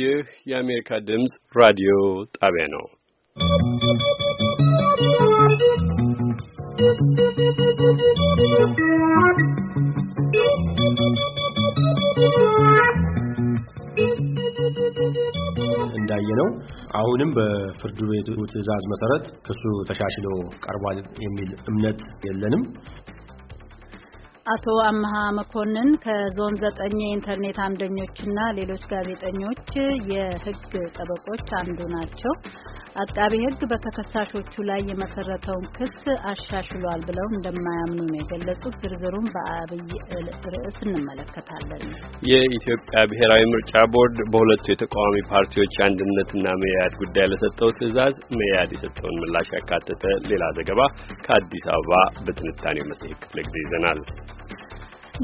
ይህ የአሜሪካ ድምፅ ራዲዮ ጣቢያ ነው። እንዳየ ነው አሁንም በፍርድ ቤቱ ትዕዛዝ መሰረት ክሱ ተሻሽሎ ቀርቧል የሚል እምነት የለንም። አቶ አምሃ መኮንን ከዞን ዘጠኝ የኢንተርኔት አምደኞችና ሌሎች ጋዜጠኞች የህግ ጠበቆች አንዱ ናቸው። አቃቤ ሕግ በተከሳሾቹ ላይ የመሰረተውን ክስ አሻሽሏል ብለው እንደማያምኑ ነው የገለጹት። ዝርዝሩን በአብይ ርዕስ እንመለከታለን። የኢትዮጵያ ብሔራዊ ምርጫ ቦርድ በሁለቱ የተቃዋሚ ፓርቲዎች አንድነትና መያድ ጉዳይ ለሰጠው ትዕዛዝ መያድ የሰጠውን ምላሽ ያካተተ ሌላ ዘገባ ከአዲስ አበባ በትንታኔው መጽሔት ክፍለ ጊዜ ይዘናል።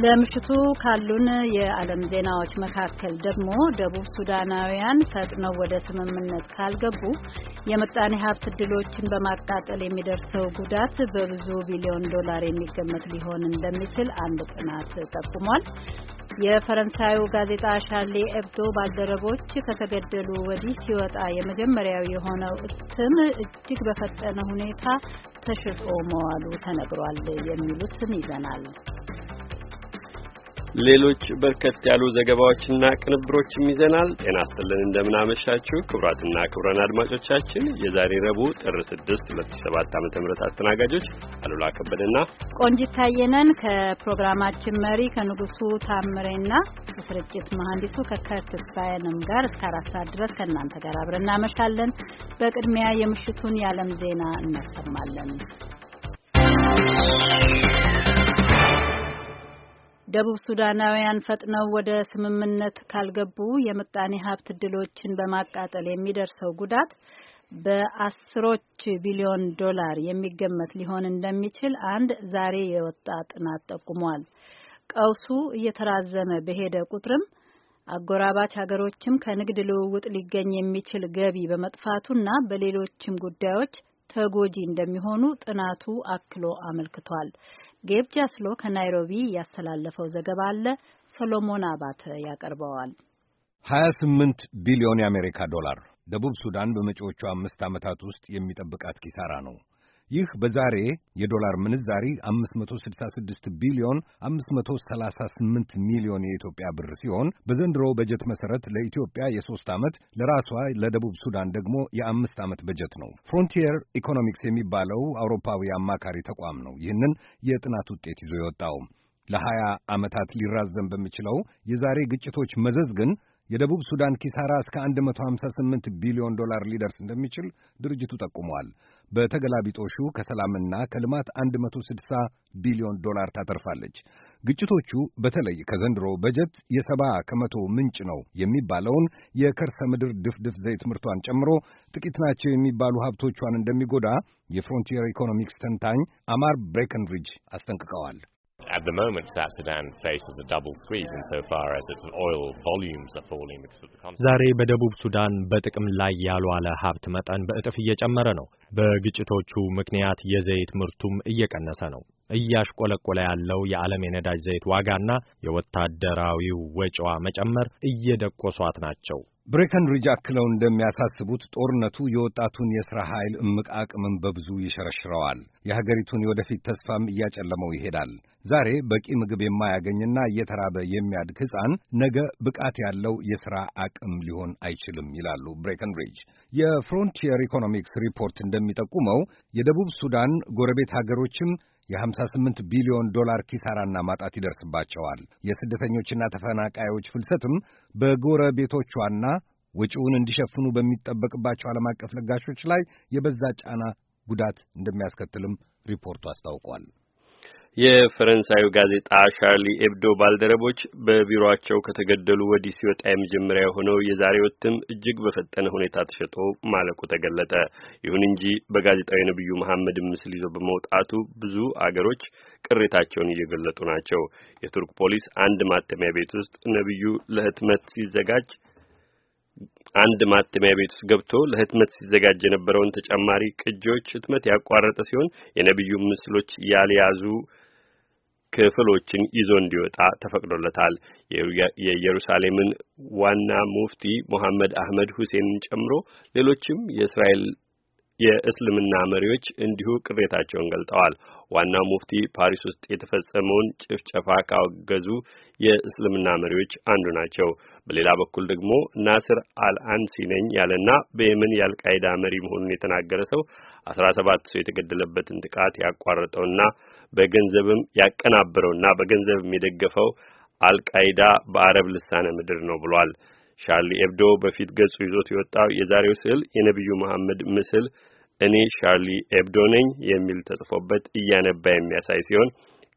ለምሽቱ ካሉን የዓለም ዜናዎች መካከል ደግሞ ደቡብ ሱዳናውያን ፈጥነው ወደ ስምምነት ካልገቡ የምጣኔ ሀብት እድሎችን በማቃጠል የሚደርሰው ጉዳት በብዙ ቢሊዮን ዶላር የሚገመት ሊሆን እንደሚችል አንድ ጥናት ጠቁሟል። የፈረንሳዩ ጋዜጣ ሻሌ ኤብዶ ባልደረቦች ከተገደሉ ወዲህ ሲወጣ የመጀመሪያው የሆነው እትም እጅግ በፈጠነ ሁኔታ ተሽጦ መዋሉ ተነግሯል። የሚሉትን ይዘናል። ሌሎች በርከት ያሉ ዘገባዎችና ቅንብሮችም ይዘናል። ጤና ይስጥልን፣ እንደምናመሻችሁ ክቡራትና ክቡራን አድማጮቻችን የዛሬ ረቡዕ ጥር 6 2007 ዓ.ም አስተናጋጆች አሉላ ከበደና ቆንጂት ታየነን ከፕሮግራማችን መሪ ከንጉሱ ታምሬና ስርጭት መሐንዲሱ ከከርትስ ባየንም ጋር እስከ አራት ሰዓት ድረስ ከእናንተ ጋር አብረን እናመሻለን። በቅድሚያ የምሽቱን የዓለም ዜና እናሰማለን። ደቡብ ሱዳናውያን ፈጥነው ወደ ስምምነት ካልገቡ የምጣኔ ሀብት እድሎችን በማቃጠል የሚደርሰው ጉዳት በአስሮች ቢሊዮን ዶላር የሚገመት ሊሆን እንደሚችል አንድ ዛሬ የወጣ ጥናት ጠቁሟል። ቀውሱ እየተራዘመ በሄደ ቁጥርም አጎራባች ሀገሮችም ከንግድ ልውውጥ ሊገኝ የሚችል ገቢ በመጥፋቱና በሌሎችም ጉዳዮች ተጎጂ እንደሚሆኑ ጥናቱ አክሎ አመልክቷል። ጌብ ጃስሎ ከናይሮቢ ያስተላለፈው ዘገባ አለ። ሰሎሞን አባተ ያቀርበዋል። 28 ቢሊዮን የአሜሪካ ዶላር ደቡብ ሱዳን በመጪዎቹ አምስት ዓመታት ውስጥ የሚጠብቃት ኪሳራ ነው። ይህ በዛሬ የዶላር ምንዛሪ 566 ቢሊዮን 538 ሚሊዮን የኢትዮጵያ ብር ሲሆን በዘንድሮ በጀት መሰረት ለኢትዮጵያ የሶስት ዓመት ለራሷ ለደቡብ ሱዳን ደግሞ የአምስት ዓመት በጀት ነው። ፍሮንቲየር ኢኮኖሚክስ የሚባለው አውሮፓዊ አማካሪ ተቋም ነው ይህንን የጥናት ውጤት ይዞ የወጣው። ለሀያ ዓመታት ሊራዘም በሚችለው የዛሬ ግጭቶች መዘዝ ግን የደቡብ ሱዳን ኪሳራ እስከ 158 ቢሊዮን ዶላር ሊደርስ እንደሚችል ድርጅቱ ጠቁሟል። በተገላቢጦሹ ከሰላምና ከልማት 160 ቢሊዮን ዶላር ታተርፋለች። ግጭቶቹ በተለይ ከዘንድሮ በጀት የሰባ ከመቶ ምንጭ ነው የሚባለውን የከርሰ ምድር ድፍድፍ ዘይት ምርቷን ጨምሮ ጥቂት ናቸው የሚባሉ ሀብቶቿን እንደሚጎዳ የፍሮንቲየር ኢኮኖሚክስ ተንታኝ አማር ብሬከንሪጅ አስጠንቅቀዋል። At the moment, South Sudan faces a double squeeze insofar as its oil volumes are falling because of the conflict. ዛሬ በደቡብ ሱዳን በጥቅም ላይ ያልዋለ ሀብት መጠን በእጥፍ እየጨመረ ነው። በግጭቶቹ ምክንያት የዘይት ምርቱም እየቀነሰ ነው። እያሽቆለቆለ ያለው የዓለም የነዳጅ ዘይት ዋጋና የወታደራዊው ወጪዋ መጨመር እየደቆሷት ናቸው። ብሬከንሪጅ አክለው እንደሚያሳስቡት ጦርነቱ የወጣቱን የሥራ ኃይል እምቅ አቅምን በብዙ ይሸረሽረዋል፣ የሀገሪቱን የወደፊት ተስፋም እያጨለመው ይሄዳል። ዛሬ በቂ ምግብ የማያገኝና እየተራበ የሚያድግ ሕፃን ነገ ብቃት ያለው የሥራ አቅም ሊሆን አይችልም ይላሉ ብሬከንሪጅ። የፍሮንቲየር ኢኮኖሚክስ ሪፖርት እንደሚጠቁመው የደቡብ ሱዳን ጎረቤት ሀገሮችም የ58 ቢሊዮን ዶላር ኪሳራና ማጣት ይደርስባቸዋል። የስደተኞችና ተፈናቃዮች ፍልሰትም በጎረቤቶቿና ወጪውን እንዲሸፍኑ በሚጠበቅባቸው ዓለም አቀፍ ለጋሾች ላይ የበዛ ጫና፣ ጉዳት እንደሚያስከትልም ሪፖርቱ አስታውቋል። የፈረንሳዩ ጋዜጣ ሻርሊ ኤብዶ ባልደረቦች በቢሮአቸው ከተገደሉ ወዲህ ሲወጣ የመጀመሪያ የሆነው የዛሬው እትም እጅግ በፈጠነ ሁኔታ ተሸጦ ማለቁ ተገለጠ። ይሁን እንጂ በጋዜጣዊ ነብዩ መሐመድን ምስል ይዞ በመውጣቱ ብዙ አገሮች ቅሬታቸውን እየገለጡ ናቸው። የቱርክ ፖሊስ አንድ ማተሚያ ቤት ውስጥ ነብዩ ለህትመት ሲዘጋጅ አንድ ማተሚያ ቤት ውስጥ ገብቶ ለህትመት ሲዘጋጅ የነበረውን ተጨማሪ ቅጂዎች ህትመት ያቋረጠ ሲሆን የነብዩ ምስሎች ያልያዙ ክፍሎችን ይዞ እንዲወጣ ተፈቅዶለታል። የኢየሩሳሌምን ዋና ሙፍቲ ሞሐመድ አህመድ ሁሴንን ጨምሮ ሌሎችም የእስራኤል የእስልምና መሪዎች እንዲሁ ቅሬታቸውን ገልጠዋል። ዋናው ሙፍቲ ፓሪስ ውስጥ የተፈጸመውን ጭፍጨፋ ካወገዙ የእስልምና መሪዎች አንዱ ናቸው። በሌላ በኩል ደግሞ ናስር አልአንሲ ነኝ ያለና በየመን የአልቃይዳ መሪ መሆኑን የተናገረ ሰው አስራ ሰባት ሰው የተገደለበትን ጥቃት ያቋረጠውና በገንዘብም ያቀናበረውና በገንዘብም የደገፈው አልቃይዳ በአረብ ልሳነ ምድር ነው ብሏል። ሻርሊ ኤብዶ በፊት ገጹ ይዞት የወጣው የዛሬው ስዕል የነቢዩ መሐመድ ምስል እኔ ሻርሊ ኤብዶ ነኝ የሚል ተጽፎበት እያነባ የሚያሳይ ሲሆን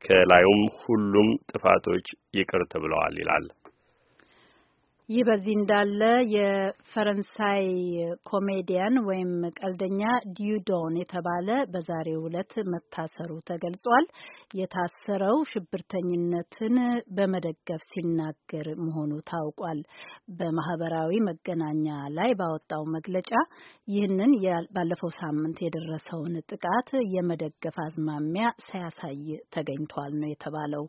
ከላዩም ሁሉም ጥፋቶች ይቅር ተብለዋል ይላል። ይህ በዚህ እንዳለ የፈረንሳይ ኮሜዲያን ወይም ቀልደኛ ዲዩዶን የተባለ በዛሬው ዕለት መታሰሩ ተገልጿል። የታሰረው ሽብርተኝነትን በመደገፍ ሲናገር መሆኑ ታውቋል። በማህበራዊ መገናኛ ላይ ባወጣው መግለጫ ይህንን ባለፈው ሳምንት የደረሰውን ጥቃት የመደገፍ አዝማሚያ ሳያሳይ ተገኝቷል ነው የተባለው።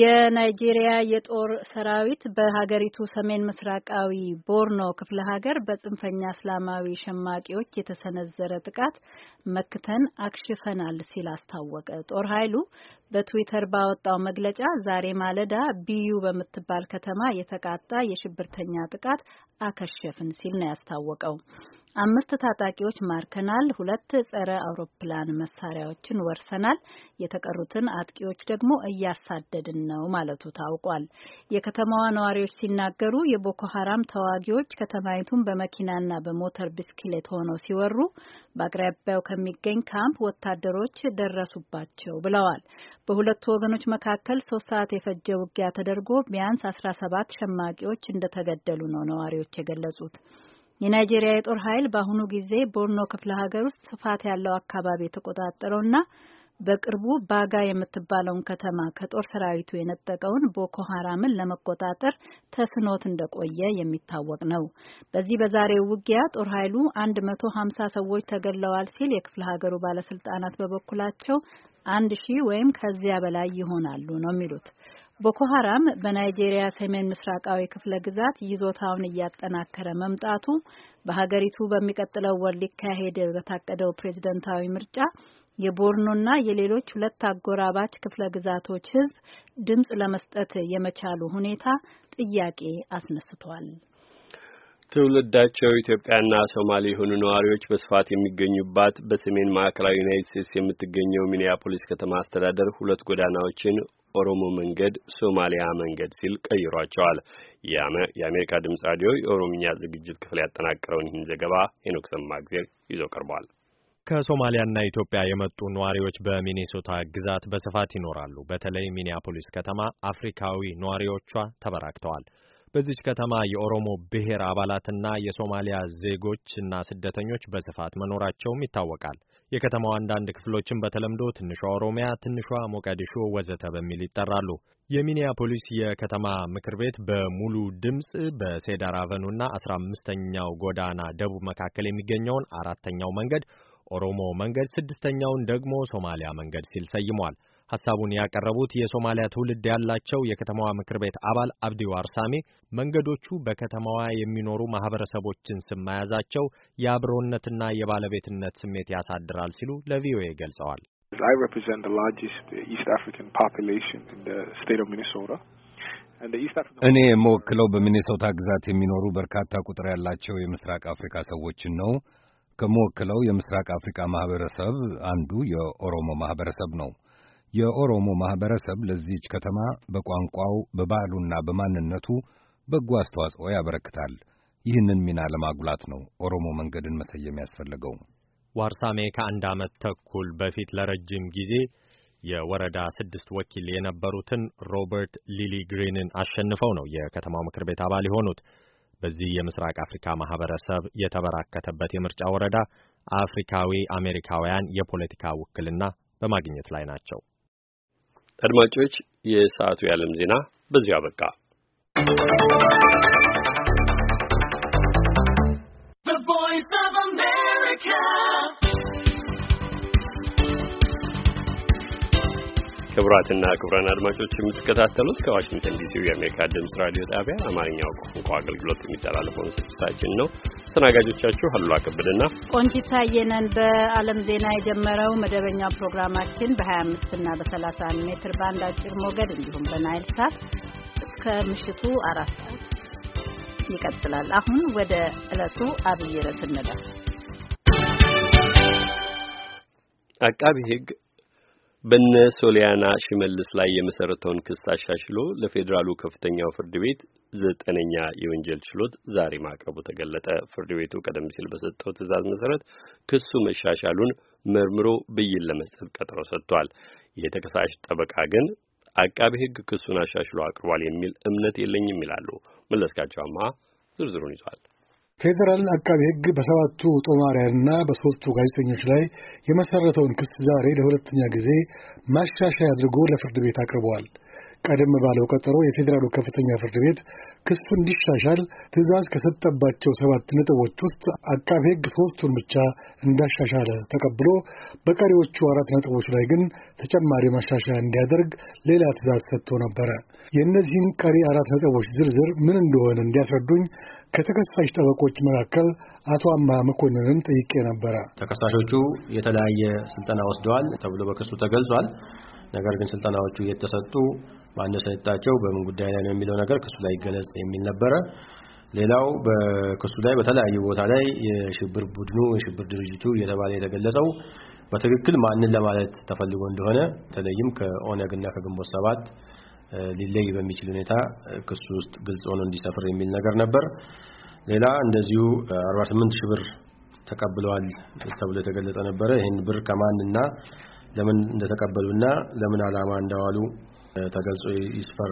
የናይጄሪያ የጦር ሰራዊት በሀገሪቱ ሰሜን ምስራቃዊ ቦርኖ ክፍለ ሀገር በጽንፈኛ እስላማዊ ሸማቂዎች የተሰነዘረ ጥቃት መክተን አክሽፈናል ሲል አስታወቀ። ጦር ኃይሉ በትዊተር ባወጣው መግለጫ ዛሬ ማለዳ ቢዩ በምትባል ከተማ የተቃጣ የሽብርተኛ ጥቃት አከሸፍን ሲል ነው ያስታወቀው። አምስት ታጣቂዎች ማርከናል፣ ሁለት ጸረ አውሮፕላን መሳሪያዎችን ወርሰናል፣ የተቀሩትን አጥቂዎች ደግሞ እያሳደድን ነው ማለቱ ታውቋል። የከተማዋ ነዋሪዎች ሲናገሩ የቦኮ ሀራም ተዋጊዎች ከተማይቱን በመኪናና በሞተር ብስክሌት ሆነው ሲወሩ በአቅራቢያው ከሚገኝ ካምፕ ወታደሮች ደረሱባቸው ብለዋል። በሁለቱ ወገኖች መካከል ሶስት ሰዓት የፈጀ ውጊያ ተደርጎ ቢያንስ አስራ ሰባት ሸማቂዎች እንደተገደሉ ነው ነዋሪዎች የገለጹት። የናይጄሪያ የጦር ኃይል በአሁኑ ጊዜ ቦርኖ ክፍለ ሀገር ውስጥ ስፋት ያለው አካባቢ የተቆጣጠረውና በቅርቡ ባጋ የምትባለውን ከተማ ከጦር ሰራዊቱ የነጠቀውን ቦኮ ሀራምን ለመቆጣጠር ተስኖት እንደቆየ የሚታወቅ ነው። በዚህ በዛሬው ውጊያ ጦር ኃይሉ መቶ ሀምሳ ሰዎች ተገድለዋል ሲል የክፍለ ሀገሩ ባለስልጣናት በበኩላቸው አንድ ሺህ ወይም ከዚያ በላይ ይሆናሉ ነው የሚሉት። ቦኮ ሀራም በናይጄሪያ ሰሜን ምስራቃዊ ክፍለ ግዛት ይዞታውን እያጠናከረ መምጣቱ በሀገሪቱ በሚቀጥለው ወር ሊካሄድ በታቀደው ፕሬዝደንታዊ ምርጫ የቦርኖና የሌሎች ሁለት አጎራባች ክፍለ ግዛቶች ህዝብ ድምጽ ለመስጠት የመቻሉ ሁኔታ ጥያቄ አስነስቷል። ትውልዳቸው ኢትዮጵያና ሶማሌ የሆኑ ነዋሪዎች በስፋት የሚገኙባት በሰሜን ማዕከላዊ ዩናይት ስቴትስ የምትገኘው ሚኒያፖሊስ ከተማ አስተዳደር ሁለት ጎዳናዎችን ኦሮሞ መንገድ ሶማሊያ መንገድ ሲል ቀይሯቸዋል። የአሜሪካ ድምፅ ራዲዮ የኦሮምኛ ዝግጅት ክፍል ያጠናቀረውን ይህን ዘገባ ሄኖክ ሰማእግዜር ይዞ ቀርቧል። ከሶማሊያና ኢትዮጵያ የመጡ ነዋሪዎች በሚኔሶታ ግዛት በስፋት ይኖራሉ። በተለይ ሚኒያፖሊስ ከተማ አፍሪካዊ ነዋሪዎቿ ተበራክተዋል። በዚች ከተማ የኦሮሞ ብሔር አባላትና የሶማሊያ ዜጎች እና ስደተኞች በስፋት መኖራቸውም ይታወቃል። የከተማዋ አንዳንድ ክፍሎችን በተለምዶ ትንሿ ኦሮሚያ፣ ትንሿ ሞቃዲሾ ወዘተ በሚል ይጠራሉ። የሚኒያፖሊስ የከተማ ምክር ቤት በሙሉ ድምፅ በሴዳር አቨኑና አስራ አምስተኛው ጎዳና ደቡብ መካከል የሚገኘውን አራተኛው መንገድ ኦሮሞ መንገድ፣ ስድስተኛውን ደግሞ ሶማሊያ መንገድ ሲል ሰይሟል። ሀሳቡን ያቀረቡት የሶማሊያ ትውልድ ያላቸው የከተማዋ ምክር ቤት አባል አብዲ ዋርሳሜ መንገዶቹ በከተማዋ የሚኖሩ ማህበረሰቦችን ስም መያዛቸው የአብሮነትና የባለቤትነት ስሜት ያሳድራል ሲሉ ለቪኦኤ ገልጸዋል። እኔ የምወክለው በሚኔሶታ ግዛት የሚኖሩ በርካታ ቁጥር ያላቸው የምስራቅ አፍሪካ ሰዎችን ነው። ከምወክለው የምስራቅ አፍሪካ ማህበረሰብ አንዱ የኦሮሞ ማህበረሰብ ነው። የኦሮሞ ማህበረሰብ ለዚህች ከተማ በቋንቋው በባህሉና በማንነቱ በጎ አስተዋጽኦ ያበረክታል። ይህንን ሚና ለማጉላት ነው ኦሮሞ መንገድን መሰየም ያስፈለገው። ዋርሳሜ ከአንድ ዓመት ተኩል በፊት ለረጅም ጊዜ የወረዳ ስድስት ወኪል የነበሩትን ሮበርት ሊሊ ግሪንን አሸንፈው ነው የከተማው ምክር ቤት አባል የሆኑት። በዚህ የምስራቅ አፍሪካ ማህበረሰብ የተበራከተበት የምርጫ ወረዳ አፍሪካዊ አሜሪካውያን የፖለቲካ ውክልና በማግኘት ላይ ናቸው። አድማጮች፣ የሰዓቱ የዓለም ዜና በዚሁ አበቃ። The voice of America ክቡራትና ክቡራን አድማጮች የምትከታተሉት ከዋሽንግተን ዲሲ የአሜሪካ ድምፅ ራዲዮ ጣቢያ አማርኛው ቋንቋ አገልግሎት የሚተላለፈውን ስርጭታችን ነው። አስተናጋጆቻችሁ አሉላ ከበደና ቆንጂት ታየ በዓለም ዜና የጀመረው መደበኛ ፕሮግራማችን በ25 እና በ31 ሜትር ባንድ አጭር ሞገድ እንዲሁም በናይል ሳት ምሽቱ አራት ሰዓት ይቀጥላል። አሁን ወደ ዕለቱ አብይ ርዕስ አቃቢ ሕግ በነ ሶሊያና ሽመልስ ላይ የመሰረተውን ክስ አሻሽሎ ለፌዴራሉ ከፍተኛው ፍርድ ቤት ዘጠነኛ የወንጀል ችሎት ዛሬ ማቅረቡ ተገለጠ። ፍርድ ቤቱ ቀደም ሲል በሰጠው ትዕዛዝ መሰረት ክሱ መሻሻሉን መርምሮ ብይን ለመስጠት ቀጠሮ ሰጥቷል። የተከሳሽ ጠበቃ ግን አቃቤ ሕግ ክሱን አሻሽሎ አቅርቧል የሚል እምነት የለኝም ይላሉ። መለስካቸው ዝርዝሩን ይዟል። ፌዴራል አቃቤ ሕግ በሰባቱ ጦማርያንና በሦስቱ ጋዜጠኞች ላይ የመሠረተውን ክስ ዛሬ ለሁለተኛ ጊዜ ማሻሻያ አድርጎ ለፍርድ ቤት አቅርበዋል ቀደም ባለው ቀጠሮ የፌዴራሉ ከፍተኛ ፍርድ ቤት ክሱ እንዲሻሻል ትዕዛዝ ከሰጠባቸው ሰባት ነጥቦች ውስጥ አቃቤ ሕግ ሶስቱን ብቻ እንዳሻሻለ ተቀብሎ በቀሪዎቹ አራት ነጥቦች ላይ ግን ተጨማሪ ማሻሻያ እንዲያደርግ ሌላ ትዕዛዝ ሰጥቶ ነበረ። የእነዚህን ቀሪ አራት ነጥቦች ዝርዝር ምን እንደሆነ እንዲያስረዱኝ ከተከሳሽ ጠበቆች መካከል አቶ አማ መኮንንን ጠይቄ ነበረ። ተከሳሾቹ የተለያየ ስልጠና ወስደዋል ተብሎ በክሱ ተገልጿል። ነገር ግን ስልጠናዎቹ እየተሰጡ ማን ሰጣቸው፣ በምን ጉዳይ ላይ ነው የሚለው ነገር ክሱ ላይ ይገለጽ የሚል ነበረ። ሌላው በክሱ ላይ በተለያዩ ቦታ ላይ የሽብር ቡድኑ የሽብር ድርጅቱ እየተባለ የተገለጸው በትክክል ማንን ለማለት ተፈልጎ እንደሆነ በተለይም ከኦነግ እና ከግንቦት ሰባት ሊለይ በሚችል ሁኔታ ክሱ ውስጥ ግልጽ ሆኖ እንዲሰፍር የሚል ነገር ነበር። ሌላ እንደዚሁ 48 ሺህ ብር ተቀብለዋል ተብሎ የተገለጸ ነበረ። ይህን ብር ከማንና ለምን እንደተቀበሉና ለምን ዓላማ እንደዋሉ ተገልጾ ይስፈር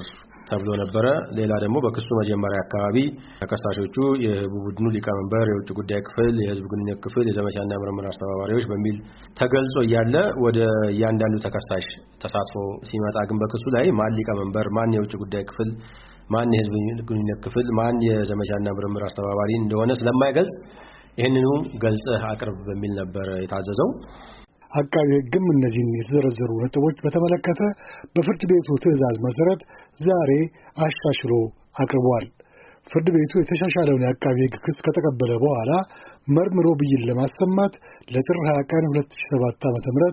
ተብሎ ነበረ። ሌላ ደግሞ በክሱ መጀመሪያ አካባቢ ተከሳሾቹ የህቡ ቡድኑ ሊቀመንበር፣ የውጭ ጉዳይ ክፍል፣ የህዝብ ግንኙነት ክፍል፣ የዘመቻና ምርምር አስተባባሪዎች በሚል ተገልጾ እያለ ወደ እያንዳንዱ ተከሳሽ ተሳትፎ ሲመጣ ግን በክሱ ላይ ማን ሊቀመንበር፣ ማን የውጭ ጉዳይ ክፍል፣ ማን የህዝብ ግንኙነት ክፍል፣ ማን የዘመቻና ምርምር አስተባባሪ እንደሆነ ስለማይገልጽ ይህንኑ ገልጽህ አቅርብ በሚል ነበር የታዘዘው። አቃቢ ሕግም እነዚህን የተዘረዘሩ ነጥቦች በተመለከተ በፍርድ ቤቱ ትዕዛዝ መሠረት ዛሬ አሻሽሎ አቅርቧል። ፍርድ ቤቱ የተሻሻለውን የአቃቢ ሕግ ክስ ከተቀበለ በኋላ መርምሮ ብይን ለማሰማት ለጥር 20 ቀን 2007 ዓ ም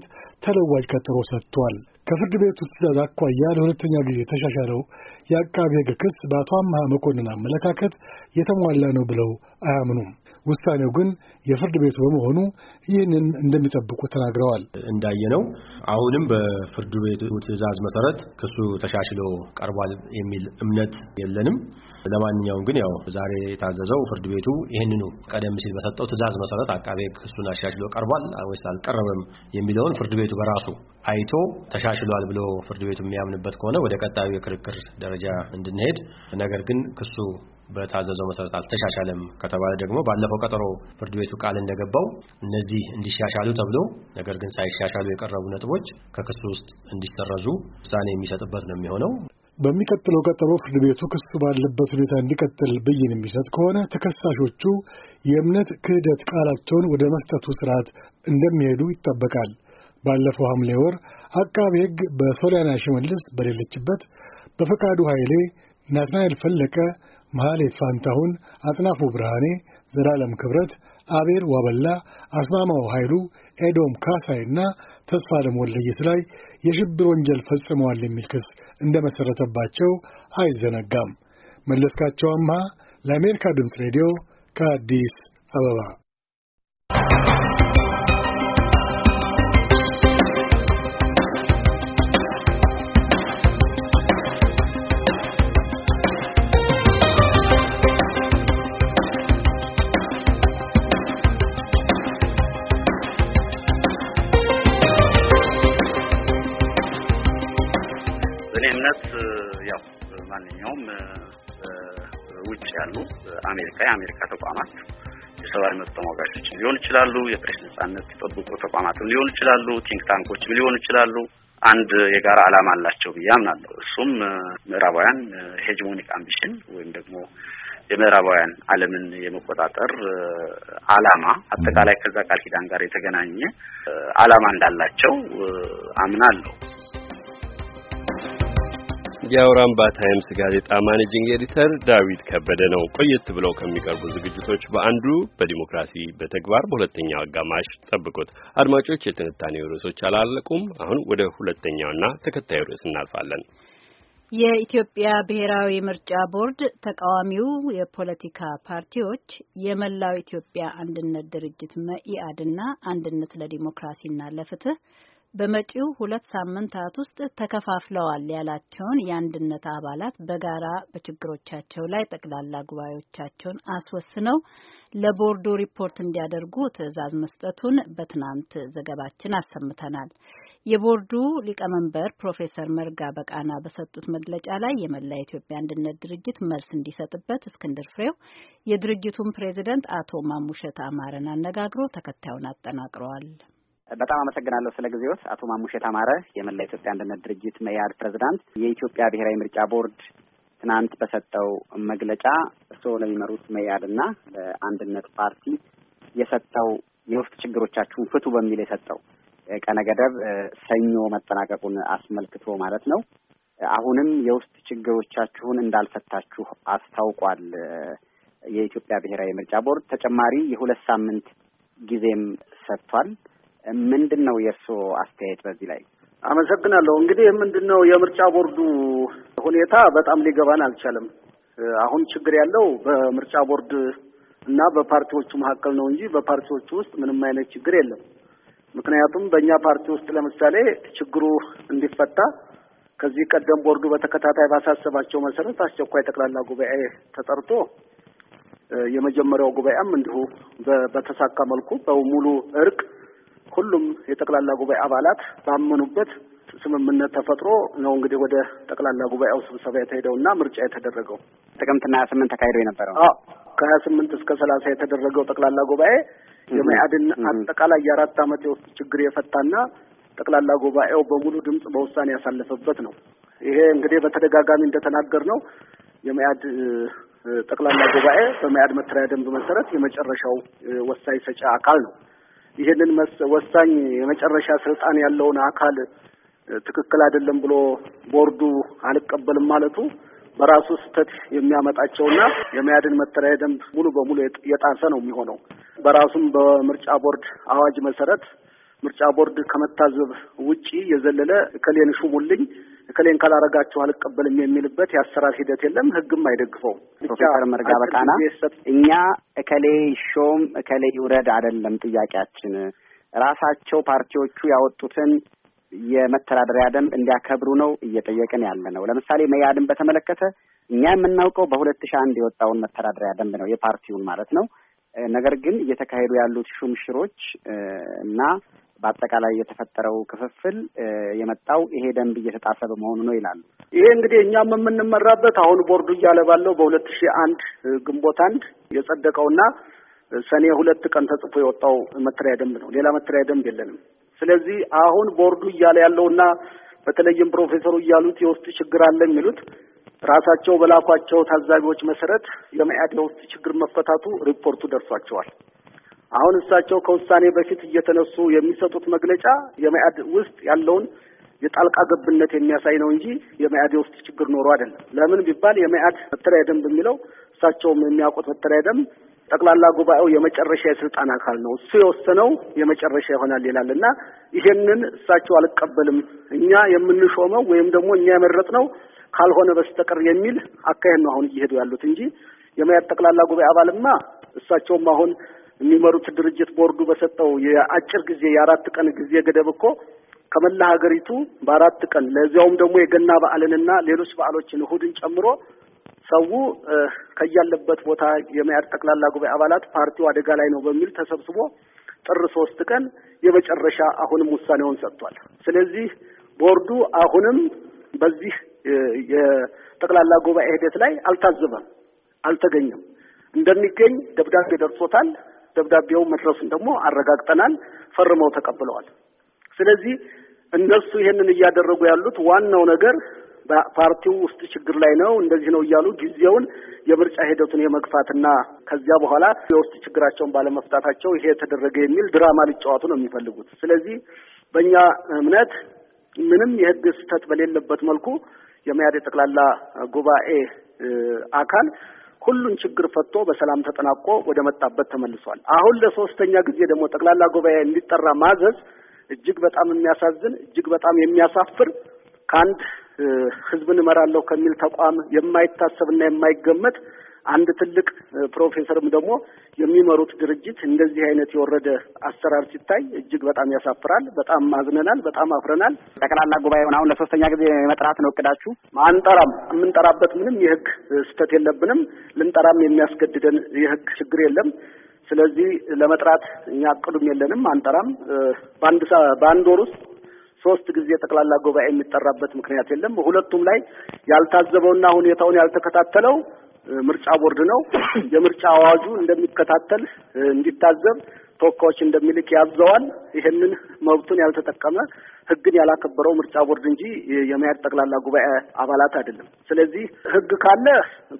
ተለዋጅ ቀጠሮ ሰጥቷል። ከፍርድ ቤቱ ትዕዛዝ አኳያ ለሁለተኛ ጊዜ የተሻሻለው የአቃቢ ሕግ ክስ በአቶ አምሃ መኮንን አመለካከት የተሟላ ነው ብለው አያምኑም። ውሳኔው ግን የፍርድ ቤቱ በመሆኑ ይህንን እንደሚጠብቁ ተናግረዋል። እንዳየነው አሁንም በፍርድ ቤቱ ትዕዛዝ መሰረት ክሱ ተሻሽሎ ቀርቧል የሚል እምነት የለንም። ለማንኛውም ግን ያው ዛሬ የታዘዘው ፍርድ ቤቱ ይህንኑ ቀደም ሲል በሰጠው ትዕዛዝ መሰረት አቃቤ ክሱን አሻሽሎ ቀርቧል ወይስ አልቀረበም የሚለውን ፍርድ ቤቱ በራሱ አይቶ ተሻሽሏል ብሎ ፍርድ ቤቱ የሚያምንበት ከሆነ ወደ ቀጣዩ የክርክር ደረጃ እንድንሄድ ነገር ግን ክሱ በታዘዘው መሰረት አልተሻሻለም ከተባለ ደግሞ ባለፈው ቀጠሮ ፍርድ ቤቱ ቃል እንደገባው እነዚህ እንዲሻሻሉ ተብሎ ነገር ግን ሳይሻሻሉ የቀረቡ ነጥቦች ከክሱ ውስጥ እንዲሰረዙ ውሳኔ የሚሰጥበት ነው የሚሆነው። በሚቀጥለው ቀጠሮ ፍርድ ቤቱ ክሱ ባለበት ሁኔታ እንዲቀጥል ብይን የሚሰጥ ከሆነ ተከሳሾቹ የእምነት ክህደት ቃላቸውን ወደ መስጠቱ ስርዓት እንደሚሄዱ ይጠበቃል። ባለፈው ሐምሌ ወር አቃቤ ሕግ በሶሊያና ሽመልስ በሌለችበት በፈቃዱ ኃይሌ፣ ናትናኤል ፈለቀ መሃል ፋንታሁን፣ አጥናፉ ብርሃኔ፣ ዘላለም ክብረት፣ አቤል ዋበላ፣ አስማማው ኃይሉ፣ ኤዶም ካሳይ እና ተስፋለም ወልደየስ ላይ የሽብር ወንጀል ፈጽመዋል የሚል ክስ እንደመሠረተባቸው አይዘነጋም። መለስካቸው አምሃ ለአሜሪካ ድምፅ ሬዲዮ ከአዲስ አበባ ውጭ ያሉ አሜሪካ የአሜሪካ ተቋማት የሰብአዊ መብት ተሟጋቾች ሊሆኑ ይችላሉ። የፕሬስ ነጻነት ጠብቆ ተቋማትም ሊሆኑ ይችላሉ። ቲንክ ታንኮችም ሊሆኑ ይችላሉ። አንድ የጋራ ዓላማ አላቸው ብዬ አምናለሁ። እሱም ምዕራባውያን ሄጅሞኒክ አምቢሽን ወይም ደግሞ የምዕራባውያን ዓለምን የመቆጣጠር ዓላማ አጠቃላይ ከዛ ቃል ኪዳን ጋር የተገናኘ ዓላማ እንዳላቸው አምናለሁ። የአውራምባ ታይምስ ጋዜጣ ማኔጂንግ ኤዲተር ዳዊት ከበደ ነው። ቆየት ብለው ከሚቀርቡ ዝግጅቶች በአንዱ በዲሞክራሲ በተግባር በሁለተኛው አጋማሽ ጠብቁት። አድማጮች፣ የትንታኔው ርዕሶች አላለቁም። አሁን ወደ ሁለተኛውና ተከታዩ ርዕስ እናልፋለን። የኢትዮጵያ ብሔራዊ ምርጫ ቦርድ ተቃዋሚው የፖለቲካ ፓርቲዎች የመላው ኢትዮጵያ አንድነት ድርጅት መኢአድና አንድነት ለዲሞክራሲና ለፍትህ በመጪው ሁለት ሳምንታት ውስጥ ተከፋፍለዋል ያላቸውን የአንድነት አባላት በጋራ በችግሮቻቸው ላይ ጠቅላላ ጉባኤዎቻቸውን አስወስነው ለቦርዱ ሪፖርት እንዲያደርጉ ትዕዛዝ መስጠቱን በትናንት ዘገባችን አሰምተናል። የቦርዱ ሊቀመንበር ፕሮፌሰር መርጋ በቃና በሰጡት መግለጫ ላይ የመላ ኢትዮጵያ አንድነት ድርጅት መልስ እንዲሰጥበት እስክንድር ፍሬው የድርጅቱን ፕሬዚደንት አቶ ማሙሸት አማረን አነጋግሮ ተከታዩን አጠናቅረዋል። በጣም አመሰግናለሁ ስለ ጊዜዎት አቶ ማሙሼ ተማረ የመላ ኢትዮጵያ አንድነት ድርጅት መኢአድ ፕሬዝዳንት። የኢትዮጵያ ብሔራዊ ምርጫ ቦርድ ትናንት በሰጠው መግለጫ እርስዎ ለሚመሩት መኢአድ እና ለአንድነት ፓርቲ የሰጠው የውስጥ ችግሮቻችሁን ፍቱ በሚል የሰጠው ቀነ ገደብ ሰኞ መጠናቀቁን አስመልክቶ ማለት ነው። አሁንም የውስጥ ችግሮቻችሁን እንዳልፈታችሁ አስታውቋል። የኢትዮጵያ ብሔራዊ ምርጫ ቦርድ ተጨማሪ የሁለት ሳምንት ጊዜም ሰጥቷል። ምንድን ነው የእርሶ አስተያየት በዚህ ላይ? አመሰግናለሁ። እንግዲህ ምንድን ነው የምርጫ ቦርዱ ሁኔታ በጣም ሊገባን አልቻለም። አሁን ችግር ያለው በምርጫ ቦርድ እና በፓርቲዎቹ መካከል ነው እንጂ በፓርቲዎቹ ውስጥ ምንም አይነት ችግር የለም። ምክንያቱም በእኛ ፓርቲ ውስጥ ለምሳሌ ችግሩ እንዲፈታ ከዚህ ቀደም ቦርዱ በተከታታይ ባሳሰባቸው መሰረት አስቸኳይ ጠቅላላ ጉባኤ ተጠርቶ የመጀመሪያው ጉባኤም እንዲሁ በተሳካ መልኩ በሙሉ እርቅ ሁሉም የጠቅላላ ጉባኤ አባላት ባመኑበት ስምምነት ተፈጥሮ ነው እንግዲህ ወደ ጠቅላላ ጉባኤው ስብሰባ የተሄደው ና ምርጫ የተደረገው ጥቅምትና ሀያ ስምንት ተካሂዶ የነበረው ከሀያ ስምንት እስከ ሰላሳ የተደረገው ጠቅላላ ጉባኤ የመያድን አጠቃላይ የአራት ዓመት የውስጥ ችግር የፈታና ጠቅላላ ጉባኤው በሙሉ ድምፅ በውሳኔ ያሳለፈበት ነው። ይሄ እንግዲህ በተደጋጋሚ እንደተናገር ነው የመያድ ጠቅላላ ጉባኤ በመያድ መተሪያ ደንብ መሰረት የመጨረሻው ወሳኝ ሰጪ አካል ነው። ይሄንን ወሳኝ የመጨረሻ ስልጣን ያለውን አካል ትክክል አይደለም ብሎ ቦርዱ አልቀበልም ማለቱ በራሱ ስህተት የሚያመጣቸውና የመያድን መተዳደሪያ ደንብ ሙሉ በሙሉ የጣሰ ነው የሚሆነው። በራሱም በምርጫ ቦርድ አዋጅ መሰረት ምርጫ ቦርድ ከመታዘብ ውጪ የዘለለ እከሌን ሹሙልኝ እከሌን ካላረጋችሁ አልቀበልም የሚልበት የአሰራር ሂደት የለም። ህግም አይደግፈውም። ፕሮፌሰር መርጋ በቃና እኛ እከሌ ይሾም እከሌ ይውረድ አይደለም ጥያቄያችን፣ ራሳቸው ፓርቲዎቹ ያወጡትን የመተዳደሪያ ደንብ እንዲያከብሩ ነው እየጠየቅን ያለ ነው። ለምሳሌ መያድን በተመለከተ እኛ የምናውቀው በሁለት ሺህ አንድ የወጣውን መተዳደሪያ ደንብ ነው፣ የፓርቲውን ማለት ነው። ነገር ግን እየተካሄዱ ያሉት ሹምሽሮች እና በአጠቃላይ የተፈጠረው ክፍፍል የመጣው ይሄ ደንብ እየተጣሰ በመሆኑ ነው ይላሉ። ይሄ እንግዲህ እኛም የምንመራበት አሁን ቦርዱ እያለ ባለው በሁለት ሺህ አንድ ግንቦት አንድ የጸደቀውና ሰኔ ሁለት ቀን ተጽፎ የወጣው መተሪያ ደንብ ነው። ሌላ መተሪያ ደንብ የለንም። ስለዚህ አሁን ቦርዱ እያለ ያለውና በተለይም ፕሮፌሰሩ እያሉት የውስጥ ችግር አለ የሚሉት ራሳቸው በላኳቸው ታዛቢዎች መሰረት የመያድ የውስጥ ችግር መፈታቱ ሪፖርቱ ደርሷቸዋል። አሁን እሳቸው ከውሳኔ በፊት እየተነሱ የሚሰጡት መግለጫ የመያድ ውስጥ ያለውን የጣልቃ ገብነት የሚያሳይ ነው እንጂ የመያድ የውስጥ ችግር ኖሮ አይደለም። ለምን ቢባል የመያድ መተዳደሪያ ደንብ የሚለው እሳቸውም የሚያውቁት መተዳደሪያ ደንብ ጠቅላላ ጉባኤው የመጨረሻ የስልጣን አካል ነው፣ እሱ የወሰነው የመጨረሻ ይሆናል ይላል እና ይሄንን እሳቸው አልቀበልም፣ እኛ የምንሾመው ወይም ደግሞ እኛ የመረጥነው ካልሆነ በስተቀር የሚል አካሄድ ነው አሁን እየሄዱ ያሉት እንጂ የመያድ ጠቅላላ ጉባኤ አባልማ እሳቸውም አሁን የሚመሩት ድርጅት ቦርዱ በሰጠው የአጭር ጊዜ የአራት ቀን ጊዜ ገደብ እኮ ከመላ ሀገሪቱ በአራት ቀን ለዚያውም ደግሞ የገና በዓልንና ሌሎች በዓሎችን እሁድን ጨምሮ ሰው ከያለበት ቦታ የመያድ ጠቅላላ ጉባኤ አባላት ፓርቲው አደጋ ላይ ነው በሚል ተሰብስቦ ጥር ሶስት ቀን የመጨረሻ አሁንም ውሳኔውን ሰጥቷል። ስለዚህ ቦርዱ አሁንም በዚህ የጠቅላላ ጉባኤ ሂደት ላይ አልታዘበም፣ አልተገኘም። እንደሚገኝ ደብዳቤ ደርሶታል። ደብዳቤው መድረሱን ደግሞ አረጋግጠናል። ፈርመው ተቀብለዋል። ስለዚህ እነሱ ይሄንን እያደረጉ ያሉት ዋናው ነገር በፓርቲው ውስጥ ችግር ላይ ነው፣ እንደዚህ ነው እያሉ ጊዜውን የምርጫ ሂደቱን የመግፋትና ከዚያ በኋላ የውስጥ ችግራቸውን ባለመፍታታቸው ይሄ የተደረገ የሚል ድራማ ሊጫወቱ ነው የሚፈልጉት። ስለዚህ በእኛ እምነት ምንም የህግ ስህተት በሌለበት መልኩ የመያድ የጠቅላላ ጉባኤ አካል ሁሉን ችግር ፈቶ በሰላም ተጠናቆ ወደ መጣበት ተመልሷል። አሁን ለሶስተኛ ጊዜ ደግሞ ጠቅላላ ጉባኤ እንዲጠራ ማዘዝ እጅግ በጣም የሚያሳዝን እጅግ በጣም የሚያሳፍር ከአንድ ህዝብን እመራለሁ ከሚል ተቋም የማይታሰብና የማይገመት አንድ ትልቅ ፕሮፌሰርም ደግሞ የሚመሩት ድርጅት እንደዚህ አይነት የወረደ አሰራር ሲታይ እጅግ በጣም ያሳፍራል። በጣም አዝነናል። በጣም አፍረናል። ጠቅላላ ጉባኤውን አሁን ለሶስተኛ ጊዜ መጥራት ነው እቅዳችሁ? አንጠራም። የምንጠራበት ምንም የህግ ስህተት የለብንም። ልንጠራም የሚያስገድደን የህግ ችግር የለም። ስለዚህ ለመጥራት እኛ እቅዱም የለንም፣ አንጠራም። በአንድ በአንድ ወር ውስጥ ሶስት ጊዜ ጠቅላላ ጉባኤ የሚጠራበት ምክንያት የለም። ሁለቱም ላይ ያልታዘበውና ሁኔታውን ያልተከታተለው ምርጫ ቦርድ ነው የምርጫ አዋጁ እንደሚከታተል እንዲታዘብ ተወካዮች እንደሚልክ ያዘዋል። ይህንን መብቱን ያልተጠቀመ ህግን ያላከበረው ምርጫ ቦርድ እንጂ የመያድ ጠቅላላ ጉባኤ አባላት አይደለም። ስለዚህ ህግ ካለ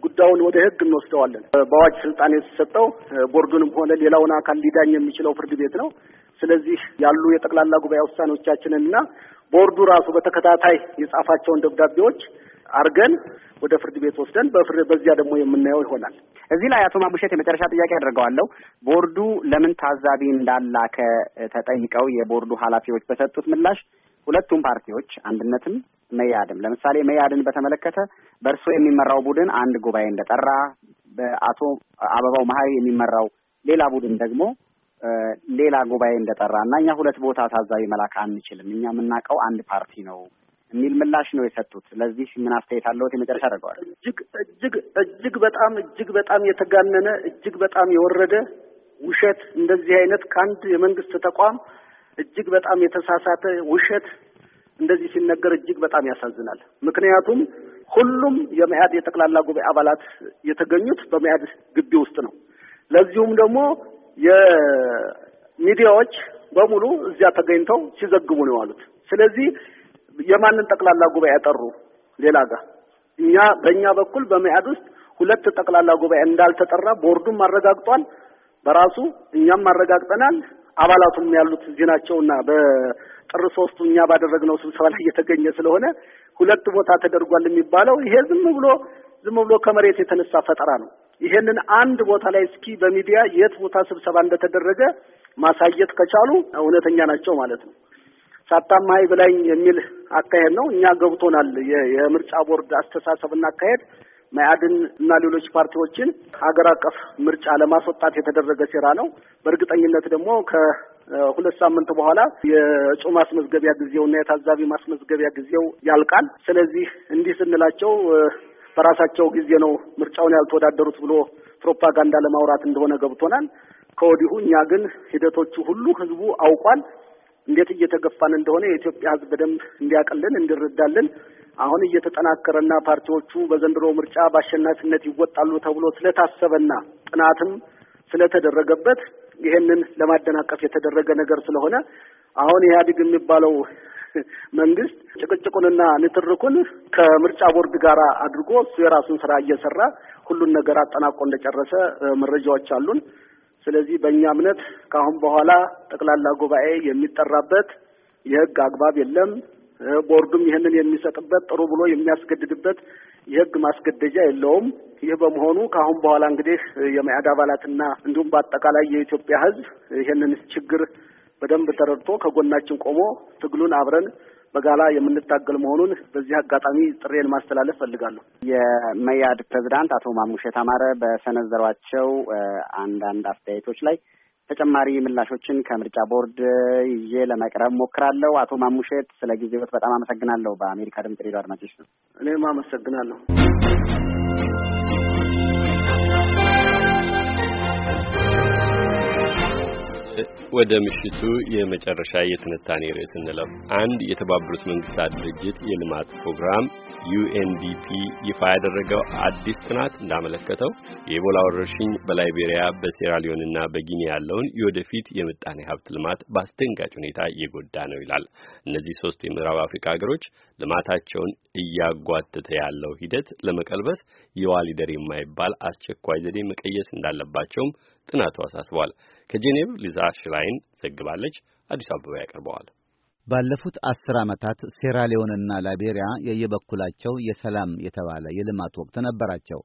ጉዳዩን ወደ ህግ እንወስደዋለን። በአዋጅ ስልጣን የተሰጠው ቦርዱንም ሆነ ሌላውን አካል ሊዳኝ የሚችለው ፍርድ ቤት ነው። ስለዚህ ያሉ የጠቅላላ ጉባኤ ውሳኔዎቻችንን እና ቦርዱ ራሱ በተከታታይ የጻፋቸውን ደብዳቤዎች አርገን ወደ ፍርድ ቤት ወስደን በዚያ ደግሞ የምናየው ይሆናል። እዚህ ላይ አቶ ማሙሸት የመጨረሻ ጥያቄ አድርገዋለሁ። ቦርዱ ለምን ታዛቢ እንዳላከ ተጠይቀው የቦርዱ ኃላፊዎች በሰጡት ምላሽ ሁለቱም ፓርቲዎች አንድነትም መያድም ለምሳሌ መያድን በተመለከተ በእርሶ የሚመራው ቡድን አንድ ጉባኤ እንደጠራ በአቶ አበባው መሀሪ የሚመራው ሌላ ቡድን ደግሞ ሌላ ጉባኤ እንደጠራ እና እኛ ሁለት ቦታ ታዛቢ መላክ አንችልም፣ እኛ የምናውቀው አንድ ፓርቲ ነው የሚል ምላሽ ነው የሰጡት። ለዚህ ምን አስተያየት አለዎት? የመጨረሻ አድርገዋል። እጅግ እጅግ እጅግ በጣም እጅግ በጣም የተጋነነ እጅግ በጣም የወረደ ውሸት እንደዚህ አይነት ከአንድ የመንግስት ተቋም እጅግ በጣም የተሳሳተ ውሸት እንደዚህ ሲነገር እጅግ በጣም ያሳዝናል። ምክንያቱም ሁሉም የመያድ የጠቅላላ ጉባኤ አባላት የተገኙት በመያድ ግቢ ውስጥ ነው። ለዚሁም ደግሞ የሚዲያዎች በሙሉ እዚያ ተገኝተው ሲዘግቡ ነው የዋሉት። ስለዚህ የማንን ጠቅላላ ጉባኤ ያጠሩ ሌላ ጋር እኛ በእኛ በኩል በመያድ ውስጥ ሁለት ጠቅላላ ጉባኤ እንዳልተጠራ ቦርዱም አረጋግጧል። በራሱ እኛም አረጋግጠናል። አባላቱም ያሉት እዚህ በጥር ሶስቱ እኛ ባደረግነው ስብሰባ ላይ እየተገኘ ስለሆነ ሁለት ቦታ ተደርጓል የሚባለው ይሄ ዝም ብሎ ዝም ብሎ ከመሬት የተነሳ ፈጠራ ነው። ይሄንን አንድ ቦታ ላይ እስኪ በሚዲያ የት ቦታ ስብሰባ እንደተደረገ ማሳየት ከቻሉ እውነተኛ ናቸው ማለት ነው። ሳታማይ ብላኝ የሚል አካሄድ ነው። እኛ ገብቶናል። የምርጫ ቦርድ አስተሳሰብና አካሄድ መያድን እና ሌሎች ፓርቲዎችን ሀገር አቀፍ ምርጫ ለማስወጣት የተደረገ ሴራ ነው። በእርግጠኝነት ደግሞ ከሁለት ሳምንት በኋላ የእጩ ማስመዝገቢያ እና የታዛቢ ማስመዝገቢያ ጊዜው ያልቃል። ስለዚህ እንዲህ ስንላቸው በራሳቸው ጊዜ ነው ምርጫውን ያልተወዳደሩት ብሎ ፕሮፓጋንዳ ለማውራት እንደሆነ ገብቶናል። ከወዲሁ እኛ ግን ሂደቶቹ ሁሉ ህዝቡ አውቋል። እንዴት እየተገፋን እንደሆነ የኢትዮጵያ ሕዝብ በደንብ እንዲያውቅልን እንዲረዳልን አሁን እየተጠናከረና ፓርቲዎቹ በዘንድሮ ምርጫ በአሸናፊነት ይወጣሉ ተብሎ ስለታሰበና ጥናትም ስለተደረገበት ይሄንን ለማደናቀፍ የተደረገ ነገር ስለሆነ አሁን ኢህአዴግ የሚባለው መንግስት ጭቅጭቁንና ንትርኩን ከምርጫ ቦርድ ጋር አድርጎ እሱ የራሱን ስራ እየሰራ ሁሉን ነገር አጠናቆ እንደጨረሰ መረጃዎች አሉን። ስለዚህ በእኛ እምነት ከአሁን በኋላ ጠቅላላ ጉባኤ የሚጠራበት የህግ አግባብ የለም። ቦርዱም ይህንን የሚሰጥበት ጥሩ ብሎ የሚያስገድድበት የህግ ማስገደጃ የለውም። ይህ በመሆኑ ከአሁን በኋላ እንግዲህ የመያድ አባላትና እንዲሁም በአጠቃላይ የኢትዮጵያ ህዝብ ይህንን ችግር በደንብ ተረድቶ ከጎናችን ቆሞ ትግሉን አብረን በጋላ የምንታገል መሆኑን በዚህ አጋጣሚ ጥሬን ማስተላለፍ ፈልጋለሁ። የመያድ ፕሬዚዳንት አቶ ማሙሼት አማረ በሰነዘሯቸው አንዳንድ አስተያየቶች ላይ ተጨማሪ ምላሾችን ከምርጫ ቦርድ ይዤ ለመቅረብ ሞክራለሁ። አቶ ማሙሼት ስለ ጊዜዎት በጣም አመሰግናለሁ። በአሜሪካ ድምጽ ሬዲዮ አድማጮች ነው። እኔም አመሰግናለሁ። ወደ ምሽቱ የመጨረሻ የትንታኔ ርዕስ እንለፍ። አንድ የተባበሩት መንግስታት ድርጅት የልማት ፕሮግራም ዩኤንዲፒ ይፋ ያደረገው አዲስ ጥናት እንዳመለከተው የኢቦላ ወረርሽኝ በላይቤሪያ በሴራሊዮንና በጊኒ ያለውን የወደፊት የምጣኔ ሀብት ልማት በአስደንጋጭ ሁኔታ እየጎዳ ነው ይላል። እነዚህ ሶስት የምዕራብ አፍሪካ ሀገሮች ልማታቸውን እያጓተተ ያለው ሂደት ለመቀልበስ የዋሊደር የማይባል አስቸኳይ ዘዴ መቀየስ እንዳለባቸውም ጥናቱ አሳስቧል። ከጄኔቭ ሊዛ ሽላይን ዘግባለች። አዲስ አበባ ያቀርበዋል። ባለፉት አስር ዓመታት ሴራሊዮንና ላይቤሪያ የየበኩላቸው የሰላም የተባለ የልማት ወቅት ነበራቸው።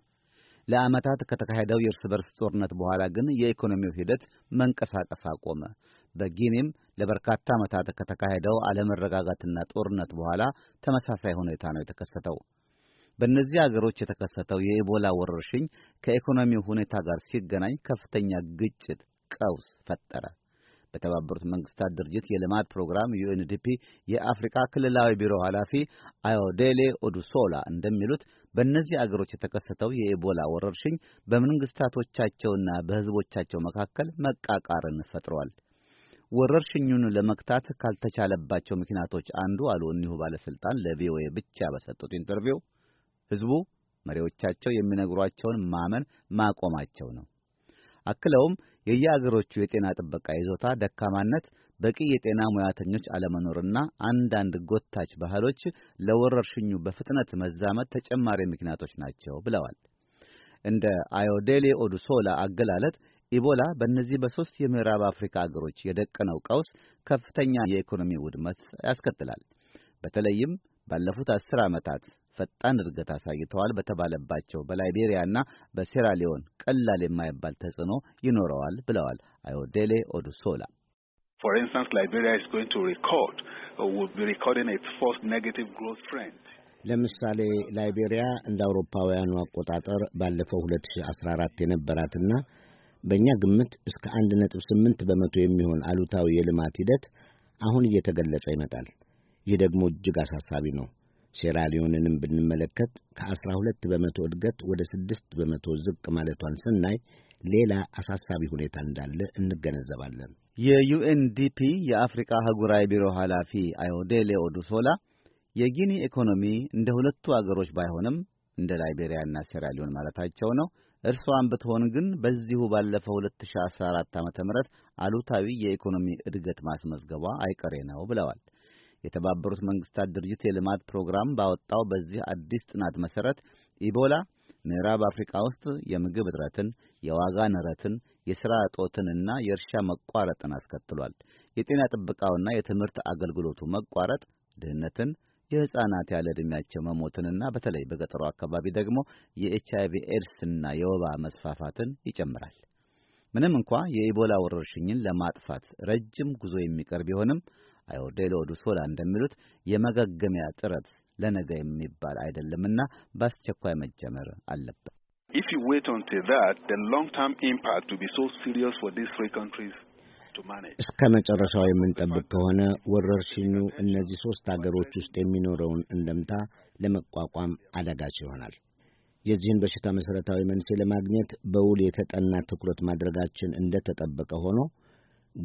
ለዓመታት ከተካሄደው የእርስ በርስ ጦርነት በኋላ ግን የኢኮኖሚው ሂደት መንቀሳቀስ አቆመ። በጊኒም ለበርካታ ዓመታት ከተካሄደው አለመረጋጋትና ጦርነት በኋላ ተመሳሳይ ሁኔታ ነው የተከሰተው። በእነዚህ አገሮች የተከሰተው የኢቦላ ወረርሽኝ ከኢኮኖሚው ሁኔታ ጋር ሲገናኝ ከፍተኛ ግጭት ቀውስ ፈጠረ። በተባበሩት መንግስታት ድርጅት የልማት ፕሮግራም ዩኤንዲፒ የአፍሪካ ክልላዊ ቢሮ ኃላፊ አዮዴሌ ኦዱሶላ እንደሚሉት በእነዚህ አገሮች የተከሰተው የኢቦላ ወረርሽኝ በመንግስታቶቻቸውና በህዝቦቻቸው መካከል መቃቃርን ፈጥሯል። ወረርሽኙን ለመግታት ካልተቻለባቸው ምክንያቶች አንዱ አሉ እኒሁ ባለሥልጣን ለቪኦኤ ብቻ በሰጡት ኢንተርቪው ህዝቡ መሪዎቻቸው የሚነግሯቸውን ማመን ማቆማቸው ነው። አክለውም የየአገሮቹ የጤና ጥበቃ ይዞታ ደካማነት፣ በቂ የጤና ሙያተኞች አለመኖርና አንዳንድ ጎታች ባህሎች ለወረርሽኙ በፍጥነት መዛመት ተጨማሪ ምክንያቶች ናቸው ብለዋል። እንደ አዮዴሌ ኦዱሶላ አገላለጥ ኢቦላ በእነዚህ በሦስት የምዕራብ አፍሪካ አገሮች የደቀነው ቀውስ ከፍተኛ የኢኮኖሚ ውድመት ያስከትላል። በተለይም ባለፉት አስር ዓመታት ፈጣን እድገት አሳይተዋል በተባለባቸው በላይቤሪያና በሴራሊዮን ቀላል የማይባል ተጽዕኖ ይኖረዋል ብለዋል አዮዴሌ ኦዱሶላ። For instance, Liberia is going to record or will be recording its first negative growth trend. ለምሳሌ ላይቤሪያ እንደ አውሮፓውያኑ አቆጣጠር ባለፈው 2014 የነበራትና በእኛ ግምት እስከ 1.8 በመቶ የሚሆን አሉታዊ የልማት ሂደት አሁን እየተገለጸ ይመጣል። ይህ ደግሞ እጅግ አሳሳቢ ነው። ሴራሊዮንንም ብንመለከት ከ12 በመቶ እድገት ወደ 6 በመቶ ዝቅ ማለቷን ስናይ ሌላ አሳሳቢ ሁኔታ እንዳለ እንገነዘባለን። የዩኤንዲፒ የአፍሪቃ አህጉራዊ ቢሮ ኃላፊ አዮዴሌ ኦዱሶላ የጊኒ ኢኮኖሚ እንደ ሁለቱ አገሮች ባይሆንም እንደ ላይቤሪያና ሴራሊዮን ማለታቸው ነው። እርሷን ብትሆን ግን በዚሁ ባለፈው 2014 ዓ ም አሉታዊ የኢኮኖሚ እድገት ማስመዝገቧ አይቀሬ ነው ብለዋል። የተባበሩት መንግስታት ድርጅት የልማት ፕሮግራም ባወጣው በዚህ አዲስ ጥናት መሠረት ኢቦላ ምዕራብ አፍሪካ ውስጥ የምግብ እጥረትን፣ የዋጋ ንረትን፣ የሥራ እጦትንና የእርሻ መቋረጥን አስከትሏል። የጤና ጥበቃውና የትምህርት አገልግሎቱ መቋረጥ ድህነትን፣ የሕፃናት ያለ ዕድሜያቸው መሞትንና በተለይ በገጠሩ አካባቢ ደግሞ የኤች አይቪ ኤድስና የወባ መስፋፋትን ይጨምራል። ምንም እንኳ የኢቦላ ወረርሽኝን ለማጥፋት ረጅም ጉዞ የሚቀር ቢሆንም አዮዴሎ ዱሶላ እንደሚሉት የመገገሚያ ጥረት ለነገ የሚባል አይደለምና በአስቸኳይ መጀመር አለበት። እስከ መጨረሻው የምንጠብቅ ከሆነ ወረርሽኙ እነዚህ ሦስት አገሮች ውስጥ የሚኖረውን እንደምታ ለመቋቋም አዳጋች ይሆናል። የዚህን በሽታ መሠረታዊ መንስኤ ለማግኘት በውል የተጠና ትኩረት ማድረጋችን እንደተጠበቀ ሆኖ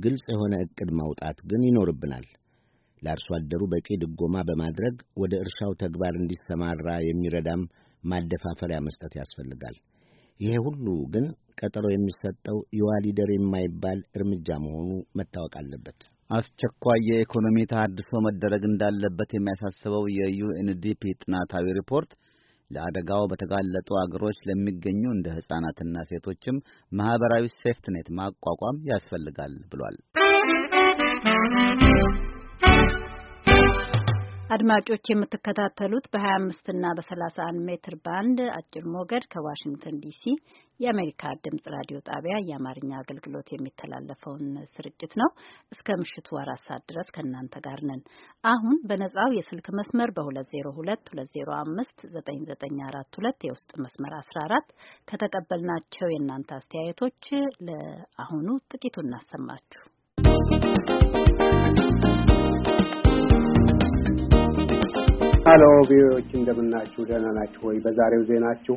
ግልጽ የሆነ ዕቅድ ማውጣት ግን ይኖርብናል። ለአርሶ አደሩ በቂ ድጎማ በማድረግ ወደ እርሻው ተግባር እንዲሰማራ የሚረዳም ማደፋፈሪያ መስጠት ያስፈልጋል። ይሄ ሁሉ ግን ቀጠሮ የሚሰጠው የዋሊደር የማይባል እርምጃ መሆኑ መታወቅ አለበት። አስቸኳይ የኢኮኖሚ ተሃድሶ መደረግ እንዳለበት የሚያሳስበው የዩኤንዲፒ ጥናታዊ ሪፖርት ለአደጋው በተጋለጡ አገሮች ለሚገኙ እንደ ሕጻናትና ሴቶችም ማኅበራዊ ሴፍትኔት ማቋቋም ያስፈልጋል ብሏል። አድማጮች የምትከታተሉት በ25 እና በ31 ሜትር ባንድ አጭር ሞገድ ከዋሽንግተን ዲሲ የአሜሪካ ድምጽ ራዲዮ ጣቢያ የአማርኛ አገልግሎት የሚተላለፈውን ስርጭት ነው። እስከ ምሽቱ አራት ሰዓት ድረስ ከእናንተ ጋር ነን። አሁን በነጻው የስልክ መስመር በ 2022059942 የውስጥ መስመር 14 ከተቀበል ከተቀበልናቸው የእናንተ አስተያየቶች ለአሁኑ ጥቂቱ እናሰማችሁ። ሀሎ ቪዎች እንደምናችሁ፣ ደህና ናችሁ ወይ? በዛሬው ዜናችሁ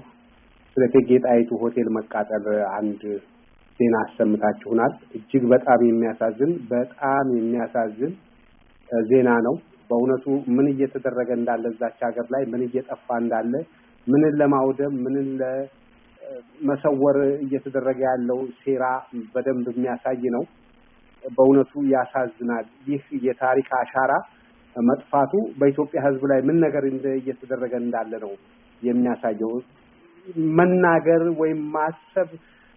ስለ እቴጌ ጣይቱ ሆቴል መቃጠል አንድ ዜና አሰምታችሁናል። እጅግ በጣም የሚያሳዝን በጣም የሚያሳዝን ዜና ነው። በእውነቱ ምን እየተደረገ እንዳለ እዛች ሀገር ላይ ምን እየጠፋ እንዳለ ምንን ለማውደም ምንን ለመሰወር እየተደረገ ያለው ሴራ በደንብ የሚያሳይ ነው። በእውነቱ ያሳዝናል። ይህ የታሪክ አሻራ መጥፋቱ በኢትዮጵያ ሕዝብ ላይ ምን ነገር እየተደረገ እንዳለ ነው የሚያሳየው። መናገር ወይም ማሰብ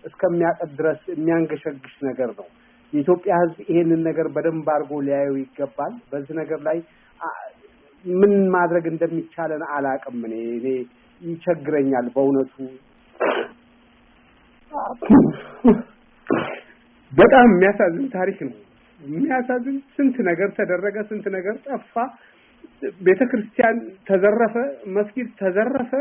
እስከሚያቀት ድረስ የሚያንገሸግሽ ነገር ነው። የኢትዮጵያ ሕዝብ ይሄንን ነገር በደንብ አድርጎ ሊያየው ይገባል። በዚህ ነገር ላይ ምን ማድረግ እንደሚቻለን አላቅም። እኔ እኔ ይቸግረኛል በእውነቱ። በጣም የሚያሳዝን ታሪክ ነው። የሚያሳዝን ስንት ነገር ተደረገ፣ ስንት ነገር ጠፋ። ቤተ ክርስቲያን ተዘረፈ፣ መስጊድ ተዘረፈ።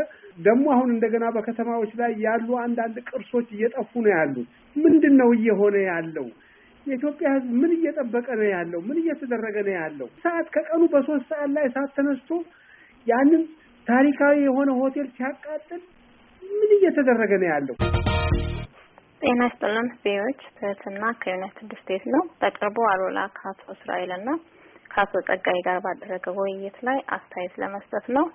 ደግሞ አሁን እንደገና በከተማዎች ላይ ያሉ አንዳንድ ቅርሶች እየጠፉ ነው ያሉት። ምንድን ነው እየሆነ ያለው? የኢትዮጵያ ሕዝብ ምን እየጠበቀ ነው ያለው? ምን እየተደረገ ነው ያለው? ሰዓት ከቀኑ በሶስት ሰዓት ላይ ሰዓት ተነስቶ ያንን ታሪካዊ የሆነ ሆቴል ሲያቃጥል ምን እየተደረገ ነው ያለው? ጤና ይስጥልን ቢዎች ትህትና ከዩናይትድ ስቴትስ ነው። በቅርቡ አሉላ እስራኤል እስራኤልና ከአቶ ጸጋዬ ጋር ባደረገው ውይይት ላይ አስተያየት ለመስጠት ነው።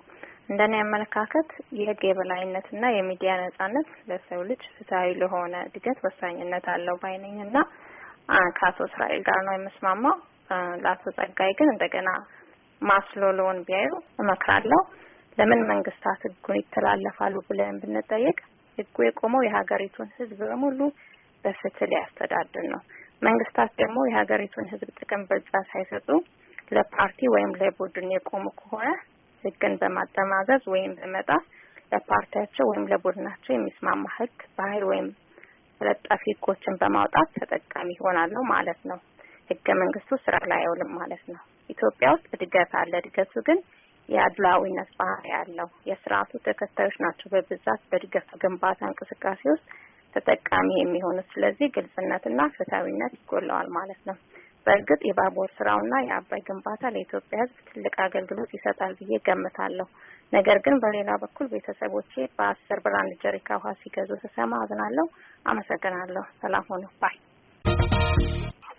እንደኔ አመለካከት የህግ የበላይነትና የሚዲያ ነጻነት ለሰው ልጅ ፍትሀዊ ለሆነ እድገት ወሳኝነት አለው እና ከአቶ እስራኤል ጋር ነው የምስማማው። ለአቶ ጸጋይ ግን እንደገና ማስሎሎን ቢያዩ እመክራለሁ። ለምን መንግስታት ህጉን ይተላለፋሉ ብለን ብንጠየቅ ህጉ የቆመው የሀገሪቱን ህዝብ በሙሉ በፍትህ ሊያስተዳድር ነው። መንግስታት ደግሞ የሀገሪቱን ህዝብ ጥቅም በዛ ሳይሰጡ ለፓርቲ ወይም ለቡድን የቆሙ ከሆነ ህግን በማጠማዘዝ ወይም በመጣፍ ለፓርቲያቸው ወይም ለቡድናቸው የሚስማማ ህግ በኃይል ወይም ተለጣፊ ህጎችን በማውጣት ተጠቃሚ ይሆናሉ ማለት ነው። ህገ መንግስቱ ስራ ላይ አይውልም ማለት ነው። ኢትዮጵያ ውስጥ እድገት አለ። እድገቱ ግን የአድላዊነት ባህሪ ያለው የስርዓቱ ተከታዮች ናቸው በብዛት በእድገቱ ግንባታ እንቅስቃሴ ውስጥ ተጠቃሚ የሚሆኑት። ስለዚህ ግልጽነትና ፍትሐዊነት ይጎለዋል ማለት ነው። በእርግጥ የባቡር ስራውና የአባይ ግንባታ ለኢትዮጵያ ሕዝብ ትልቅ አገልግሎት ይሰጣል ብዬ ገምታለሁ። ነገር ግን በሌላ በኩል ቤተሰቦቼ በአስር ብር አንድ ጀሪካ ውሃ ሲገዙ ስሰማ አዝናለሁ። አመሰግናለሁ። ሰላም ሆኑ ባይ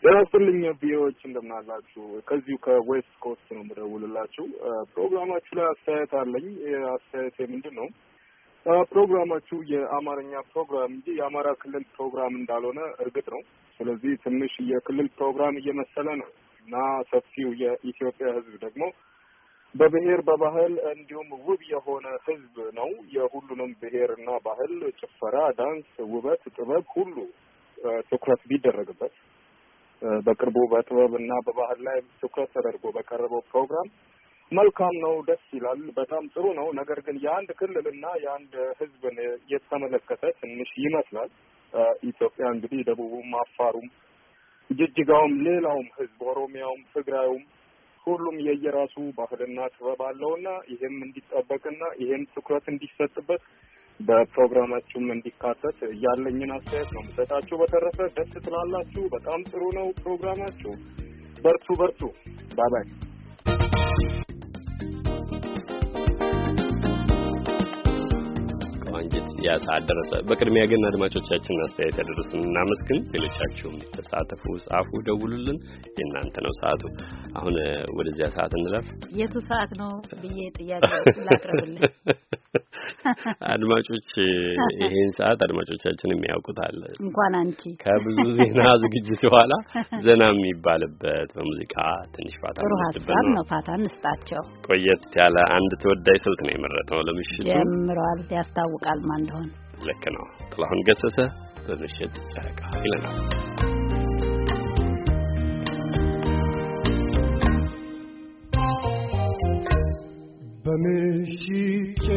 ደረስልኝ ቢዎች እንደምናላችሁ ከዚሁ ከዌስት ኮስት ነው የምደውልላችሁ። ፕሮግራማችሁ ላይ አስተያየት አለኝ። አስተያየት ምንድን ነው? ፕሮግራማችሁ የአማርኛ ፕሮግራም እንጂ የአማራ ክልል ፕሮግራም እንዳልሆነ እርግጥ ነው። ስለዚህ ትንሽ የክልል ፕሮግራም እየመሰለ ነው እና ሰፊው የኢትዮጵያ ሕዝብ ደግሞ በብሔር በባህል እንዲሁም ውብ የሆነ ሕዝብ ነው። የሁሉንም እና ባህል ጭፈራ፣ ዳንስ፣ ውበት፣ ጥበብ ሁሉ ትኩረት ቢደረግበት በቅርቡ በጥበብ እና በባህል ላይ ትኩረት ተደርጎ በቀረበው ፕሮግራም መልካም ነው፣ ደስ ይላል፣ በጣም ጥሩ ነው። ነገር ግን የአንድ ክልልና የአንድ ህዝብን የተመለከተ ትንሽ ይመስላል። ኢትዮጵያ እንግዲህ ደቡቡም፣ አፋሩም፣ ጅጅጋውም፣ ሌላውም ህዝብ ኦሮሚያውም፣ ትግራዩም ሁሉም የየራሱ ባህልና ጥበብ አለውና ይሄም እንዲጠበቅና ይሄም ትኩረት እንዲሰጥበት በፕሮግራማችሁም እንዲካተት ያለኝን አስተያየት ነው የምሰጣችሁ። በተረፈ ደስ ትላላችሁ። በጣም ጥሩ ነው ፕሮግራማችሁ። በርቱ በርቱ። ባባይ አንጀት ያሳደረሰ። በቅድሚያ ግን አድማጮቻችን አስተያየት ያደረሱን እናመስግን። ሌሎቻችሁም ተሳተፉ፣ ጻፉ፣ ደውሉልን። የእናንተ ነው ሰዓቱ። አሁን ወደዚያ ሰዓት እንለፍ። የቱ ሰዓት ነው ብዬ ጥያቄ ላቅርብልን። አድማጮች ይሄን ሰዓት አድማጮቻችንም ያውቁታል። እንኳን አንቺ ከብዙ ዜና ዝግጅት በኋላ ዘና የሚባልበት በሙዚቃ ትንሽ ፋታ ጥሩ ሀሳብ ነው። ፋታ እንስጣቸው። ቆየት ያለ አንድ ተወዳጅ ስልት ነው የመረጠው ለምሽቱ ጀምረዋል ያስታውቃል። ይታወቃል ማን እንደሆነ። ልክ ነው። ጥላሁን ገሰሰ በምሽት ጨረቃ ይለናል። በምሽት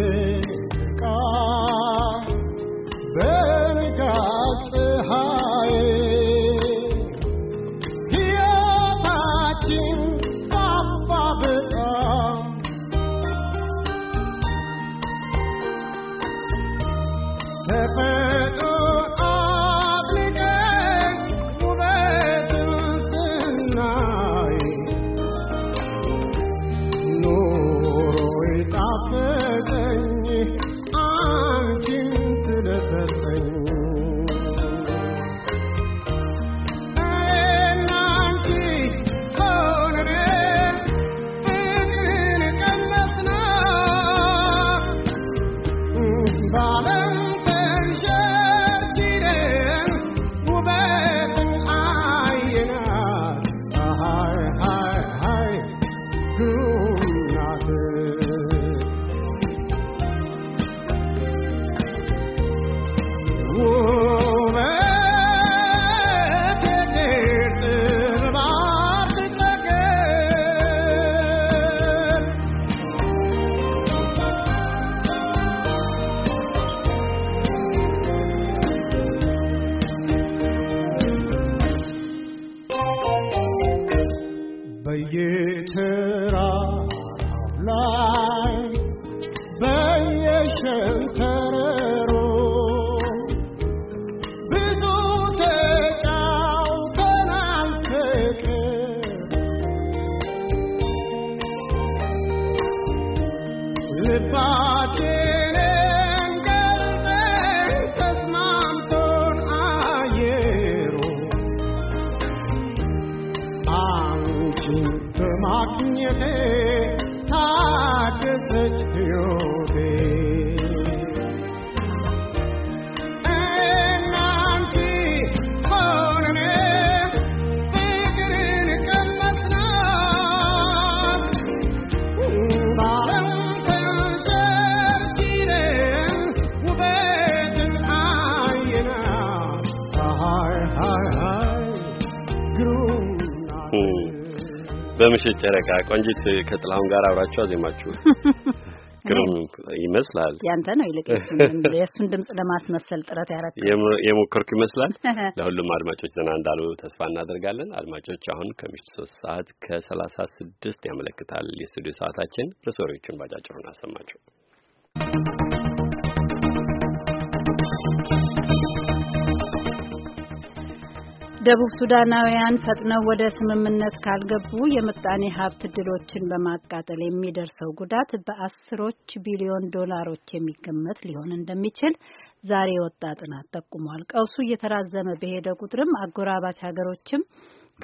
አንቺን በማግኘቴ ታደሰች ሕይወት በምሽት ጨረቃ ቆንጂት ከጥላሁን ጋር አብራችሁ አዜማችሁ ግሩም ይመስላል። ያንተ ነው ይልቅ የእሱን ድምፅ ለማስመሰል ጥረት ያረግ የሞከርኩ ይመስላል። ለሁሉም አድማጮች ዘና እንዳሉ ተስፋ እናደርጋለን። አድማጮች አሁን ከምሽት ሶስት ሰዓት ከሰላሳ ስድስት ያመለክታል የስቱዲዮ ሰዓታችን። ርሶሪዎቹን ባጫጭሩን አሰማችሁ። ደቡብ ሱዳናውያን ፈጥነው ወደ ስምምነት ካልገቡ የምጣኔ ሀብት ድሎችን በማቃጠል የሚደርሰው ጉዳት በአስሮች ቢሊዮን ዶላሮች የሚገመት ሊሆን እንደሚችል ዛሬ የወጣ ጥናት ጠቁሟል። ቀውሱ እየተራዘመ በሄደ ቁጥርም አጎራባች ሀገሮችም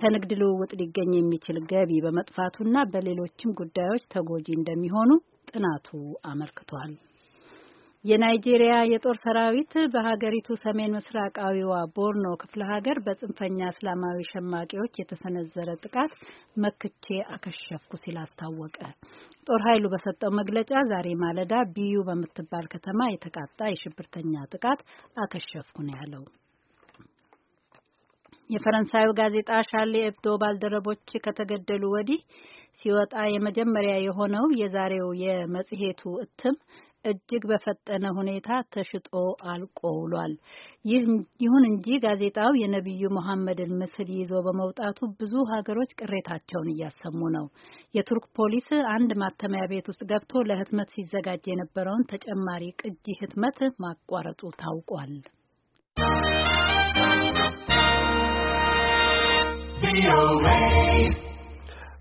ከንግድ ልውውጥ ሊገኝ የሚችል ገቢ በመጥፋቱና በሌሎችም ጉዳዮች ተጎጂ እንደሚሆኑ ጥናቱ አመልክቷል። የናይጄሪያ የጦር ሰራዊት በሀገሪቱ ሰሜን ምስራቃዊዋ ቦርኖ ክፍለ ሀገር በጽንፈኛ እስላማዊ ሸማቂዎች የተሰነዘረ ጥቃት መክቼ አከሸፍኩ ሲል አስታወቀ። ጦር ኃይሉ በሰጠው መግለጫ ዛሬ ማለዳ ቢዩ በምትባል ከተማ የተቃጣ የሽብርተኛ ጥቃት አከሸፍኩ ነው ያለው። የፈረንሳዩ ጋዜጣ ሻርሊ ኤብዶ ባልደረቦች ከተገደሉ ወዲህ ሲወጣ የመጀመሪያ የሆነው የዛሬው የመጽሔቱ እትም እጅግ በፈጠነ ሁኔታ ተሽጦ አልቆ ውሏል። ይሁን እንጂ ጋዜጣው የነቢዩ መሐመድን ምስል ይዞ በመውጣቱ ብዙ ሀገሮች ቅሬታቸውን እያሰሙ ነው። የቱርክ ፖሊስ አንድ ማተሚያ ቤት ውስጥ ገብቶ ለህትመት ሲዘጋጅ የነበረውን ተጨማሪ ቅጂ ህትመት ማቋረጡ ታውቋል።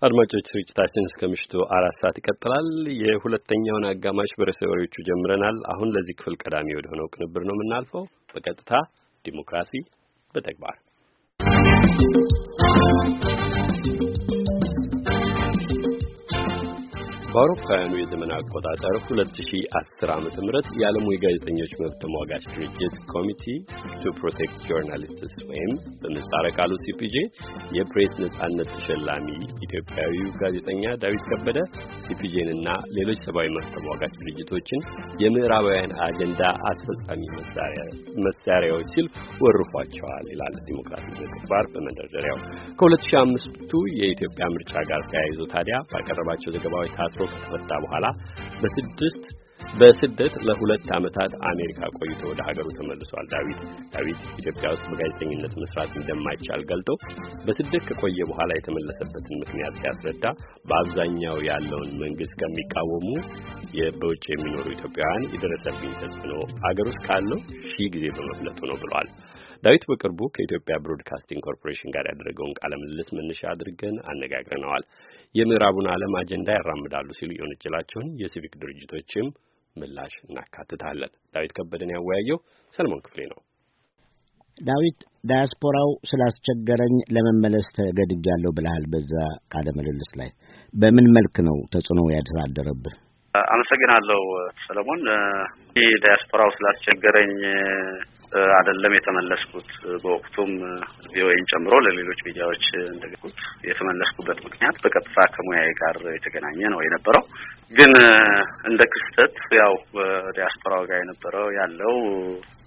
አድማጮች ስርጭታችን እስከ ምሽቱ አራት ሰዓት ይቀጥላል። የሁለተኛውን አጋማሽ በርዕሰ ወሬዎቹ ጀምረናል። አሁን ለዚህ ክፍል ቀዳሚ ወደ ሆነው ቅንብር ነው የምናልፈው። በቀጥታ ዲሞክራሲ በተግባር በአውሮፓውያኑ የዘመን አቆጣጠር 2010 ዓ.ም የዓለሙ የጋዜጠኞች መብት ተሟጋች ድርጅት ኮሚቲ ቱ ፕሮቴክት ጆርናሊስትስ ወይም በምህጻረ ቃሉ ሲፒጄ የፕሬስ ነጻነት ተሸላሚ ኢትዮጵያዊው ጋዜጠኛ ዳዊት ከበደ ሲፒጄንና ሌሎች ሰብአዊ መብት ተሟጋች ድርጅቶችን የምዕራባውያን አጀንዳ አስፈጻሚ መሳሪያዎች ሲል ወርፏቸዋል ይላል ዲሞክራሲ ዘግባር በመንደርደሪያው ከ2005ቱ የኢትዮጵያ ምርጫ ጋር ተያይዞ ታዲያ ባቀረባቸው ዘገባዎች ታስሮ ከተፈታ በኋላ በስድስት በስደት ለሁለት ዓመታት አሜሪካ ቆይቶ ወደ ሀገሩ ተመልሷል። ዳዊት ዳዊት ኢትዮጵያ ውስጥ በጋዜጠኝነት መስራት እንደማይቻል ገልጦ በስደት ከቆየ በኋላ የተመለሰበትን ምክንያት ሲያስረዳ በአብዛኛው ያለውን መንግስት ከሚቃወሙ በውጭ የሚኖሩ ኢትዮጵያውያን የደረሰብኝ ተጽዕኖ አገር ውስጥ ካለው ሺህ ጊዜ በመፍለጡ ነው ብሏል። ዳዊት በቅርቡ ከኢትዮጵያ ብሮድካስቲንግ ኮርፖሬሽን ጋር ያደረገውን ቃለ ምልልስ መነሻ አድርገን አነጋግረነዋል። የምዕራቡን ዓለም አጀንዳ ያራምዳሉ ሲሉ የወነጀላቸውን የሲቪክ ድርጅቶችም ምላሽ እናካትታለን። ዳዊት ከበደን ያወያየው ሰለሞን ክፍሌ ነው። ዳዊት ዳያስፖራው ስላስቸገረኝ ለመመለስ ተገድጃለሁ ብለሃል። በዛ ቃለ ምልልስ ላይ በምን መልክ ነው ተጽዕኖ ያሳደረብህ? አመሰግናለሁ ሰለሞን። ይህ ዳያስፖራው ስላስቸገረኝ አይደለም የተመለስኩት። በወቅቱም ቪኦኤን ጨምሮ ለሌሎች ሚዲያዎች እንደገኩት የተመለስኩበት ምክንያት በቀጥታ ከሙያዬ ጋር የተገናኘ ነው የነበረው። ግን እንደ ክስተት ያው በዲያስፖራው ጋር የነበረው ያለው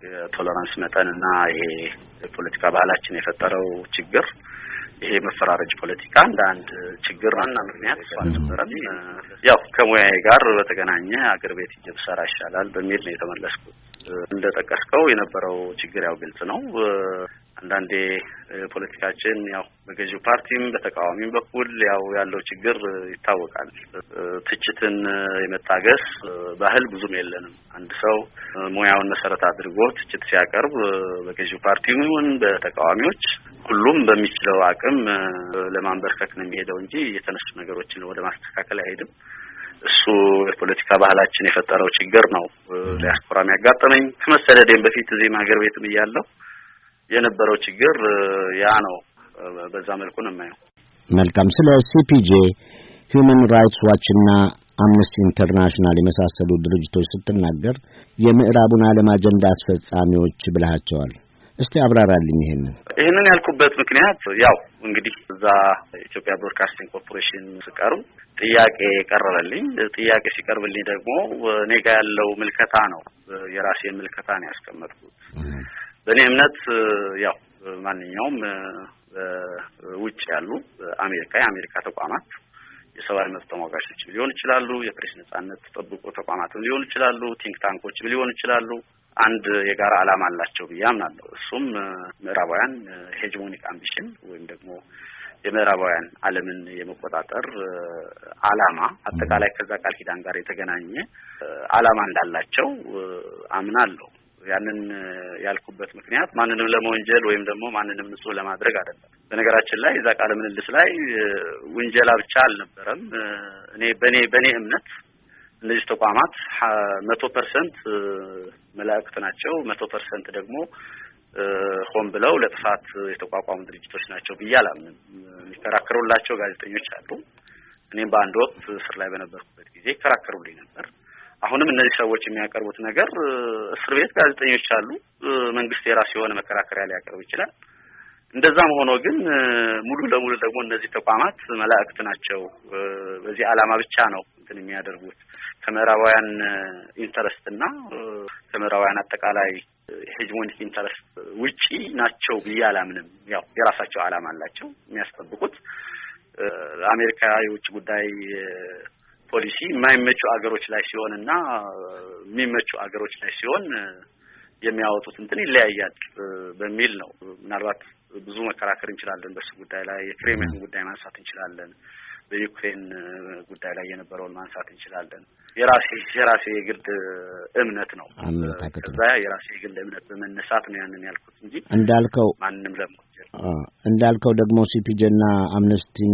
የቶለራንስ መጠን እና ይሄ የፖለቲካ ባህላችን የፈጠረው ችግር ይሄ መፈራረጅ ፖለቲካ እንደ አንድ ችግር ዋና ምክንያት እሱ አልነበረም። ያው ከሙያዬ ጋር በተገናኘ አገር ቤት እየተሰራ ይሻላል በሚል ነው የተመለስኩት። እንደጠቀስከው የነበረው ችግር ያው ግልጽ ነው። አንዳንዴ ፖለቲካችን ያው በገዢው ፓርቲም በተቃዋሚም በኩል ያው ያለው ችግር ይታወቃል። ትችትን የመታገስ ባህል ብዙም የለንም። አንድ ሰው ሙያውን መሰረት አድርጎ ትችት ሲያቀርብ በገዢው ፓርቲም ይሁን በተቃዋሚዎች ሁሉም በሚችለው አቅም ለማንበርከክ ነው የሚሄደው እንጂ የተነሱ ነገሮችን ወደ ማስተካከል አይሄድም። እሱ የፖለቲካ ባህላችን የፈጠረው ችግር ነው። ዲያስፖራ የሚያጋጠመኝ ከመሰደዴም በፊት እዚህም ሀገር ቤትም እያለሁ የነበረው ችግር ያ ነው። በዛ መልኩ ነው የማየው። መልካም። ስለ ሲፒጄ ሂዩማን ራይትስ ዋች እና አምነስቲ ኢንተርናሽናል የመሳሰሉ ድርጅቶች ስትናገር የምዕራቡን ዓለም አጀንዳ አስፈጻሚዎች ብልሃቸዋል። እስቲ አብራራልኝ ይሄንን። ይህንን ያልኩበት ምክንያት ያው እንግዲህ እዛ ኢትዮጵያ ብሮድካስቲንግ ኮርፖሬሽን ስቀሩ ጥያቄ ቀረበልኝ። ጥያቄ ሲቀርብልኝ ደግሞ እኔ ጋ ያለው ምልከታ ነው የራሴ ምልከታ ነው ያስቀመጥኩት። በእኔ እምነት ያው ማንኛውም ውጭ ያሉ አሜሪካ የአሜሪካ ተቋማት የሰብአዊ መብት ተሟጋቾችም ሊሆን ይችላሉ፣ የፕሬስ ነጻነት ጠብቆ ተቋማትም ሊሆኑ ይችላሉ፣ ቲንክ ታንኮችም ሊሆኑ ይችላሉ አንድ የጋራ ዓላማ አላቸው ብዬ አምናለሁ። እሱም ምዕራባውያን ሄጅሞኒክ አምቢሽን ወይም ደግሞ የምዕራባውያን ዓለምን የመቆጣጠር ዓላማ አጠቃላይ ከዛ ቃል ኪዳን ጋር የተገናኘ ዓላማ እንዳላቸው አምናለሁ። ያንን ያልኩበት ምክንያት ማንንም ለመወንጀል ወይም ደግሞ ማንንም ንጹህ ለማድረግ አይደለም። በነገራችን ላይ እዛ ቃለ ምልልስ ላይ ውንጀላ ብቻ አልነበረም። እኔ በእኔ በእኔ እምነት እነዚህ ተቋማት መቶ ፐርሰንት መላእክት ናቸው፣ መቶ ፐርሰንት ደግሞ ሆን ብለው ለጥፋት የተቋቋሙ ድርጅቶች ናቸው ብዬ አላምንም። የሚከራከሩላቸው ጋዜጠኞች አሉ። እኔም በአንድ ወቅት እስር ላይ በነበርኩበት ጊዜ ይከራከሩልኝ ነበር። አሁንም እነዚህ ሰዎች የሚያቀርቡት ነገር እስር ቤት ጋዜጠኞች አሉ። መንግስት የራሱ የሆነ መከራከሪያ ሊያቀርብ ይችላል። እንደዛም ሆኖ ግን ሙሉ ለሙሉ ደግሞ እነዚህ ተቋማት መላእክት ናቸው፣ በዚህ ዓላማ ብቻ ነው እንትን የሚያደርጉት ከምዕራባውያን ኢንተረስት እና ከምዕራባውያን አጠቃላይ ሄጅሞኒክ ኢንተረስት ውጪ ናቸው ብዬ አላምንም። ያው የራሳቸው ዓላማ አላቸው የሚያስጠብቁት አሜሪካ የውጭ ጉዳይ ፖሊሲ የማይመቹ አገሮች ላይ ሲሆን እና የሚመቹ አገሮች ላይ ሲሆን የሚያወጡት እንትን ይለያያል በሚል ነው። ምናልባት ብዙ መከራከር እንችላለን በሱ ጉዳይ ላይ የክሬሚያን ጉዳይ ማንሳት እንችላለን። በዩክሬን ጉዳይ ላይ የነበረውን ማንሳት እንችላለን። የራሴ የራሴ የግል እምነት ነው። ከዛ የራሴ የግል እምነት በመነሳት ነው ያንን ያልኩት እንጂ እንዳልከው ማንም ለመወጀል እንዳልከው ደግሞ ሲፒጄና አምነስቲን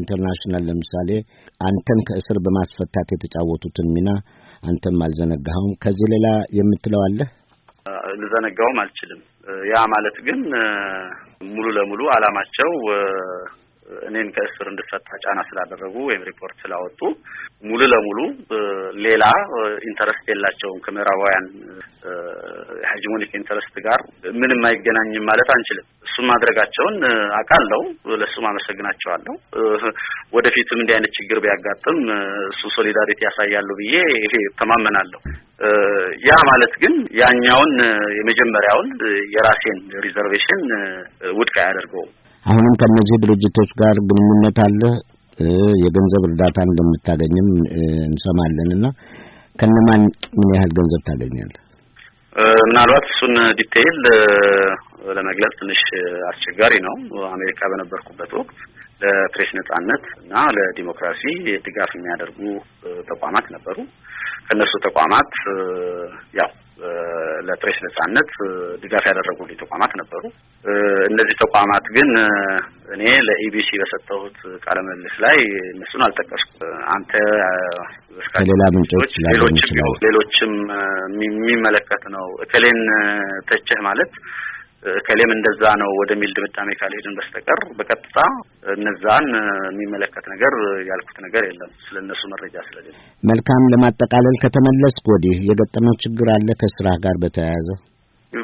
ኢንተርናሽናል ለምሳሌ አንተን ከእስር በማስፈታት የተጫወቱትን ሚና አንተም አልዘነጋኸውም። ከዚህ ሌላ የምትለው አለህ? ልዘነጋውም አልችልም። ያ ማለት ግን ሙሉ ለሙሉ አላማቸው እኔን ከእስር እንድፈታ ጫና ስላደረጉ ወይም ሪፖርት ስላወጡ ሙሉ ለሙሉ ሌላ ኢንተረስት የላቸውም ከምዕራባውያን ሃይጂሞኒክ ኢንተረስት ጋር ምንም አይገናኝም ማለት አንችልም። እሱም ማድረጋቸውን አውቃለሁ፣ ለእሱም አመሰግናቸዋለሁ። ወደፊትም እንዲህ አይነት ችግር ቢያጋጥም እሱ ሶሊዳሪቲ ያሳያሉ ብዬ ይሄ ተማመናለሁ። ያ ማለት ግን ያኛውን የመጀመሪያውን የራሴን ሪዘርቬሽን ውድቅ አያደርገውም። አሁንም ከእነዚህ ድርጅቶች ጋር ግንኙነት አለ። የገንዘብ እርዳታ እንደምታገኝም እንሰማለን እና ከነማን ምን ያህል ገንዘብ ታገኛለህ? ምናልባት እሱን ዲቴይል ለመግለጽ ትንሽ አስቸጋሪ ነው። አሜሪካ በነበርኩበት ወቅት ለፕሬስ ነጻነት እና ለዲሞክራሲ ድጋፍ የሚያደርጉ ተቋማት ነበሩ። ከእነሱ ተቋማት ያው ለፕሬስ ነጻነት ድጋፍ ያደረጉልኝ ተቋማት ነበሩ። እነዚህ ተቋማት ግን እኔ ለኢቢሲ በሰጠሁት ቃለ ላይ እነሱን አልጠቀስኩ። አንተ ከሌላ ምንጮች ሌሎችም ሌሎችም የሚመለከት ነው እከሌን ተቸህ ማለት ከሌም እንደዛ ነው ወደሚል ድምዳሜ ካልሄድን በስተቀር በቀጥታ እነዛን የሚመለከት ነገር ያልኩት ነገር የለም እነሱ መረጃ ስለሌለ። መልካም። ለማጠቃለል ከተመለስ ወዲህ የገጠመው ችግር አለ ከስራ ጋር በተያያዘ?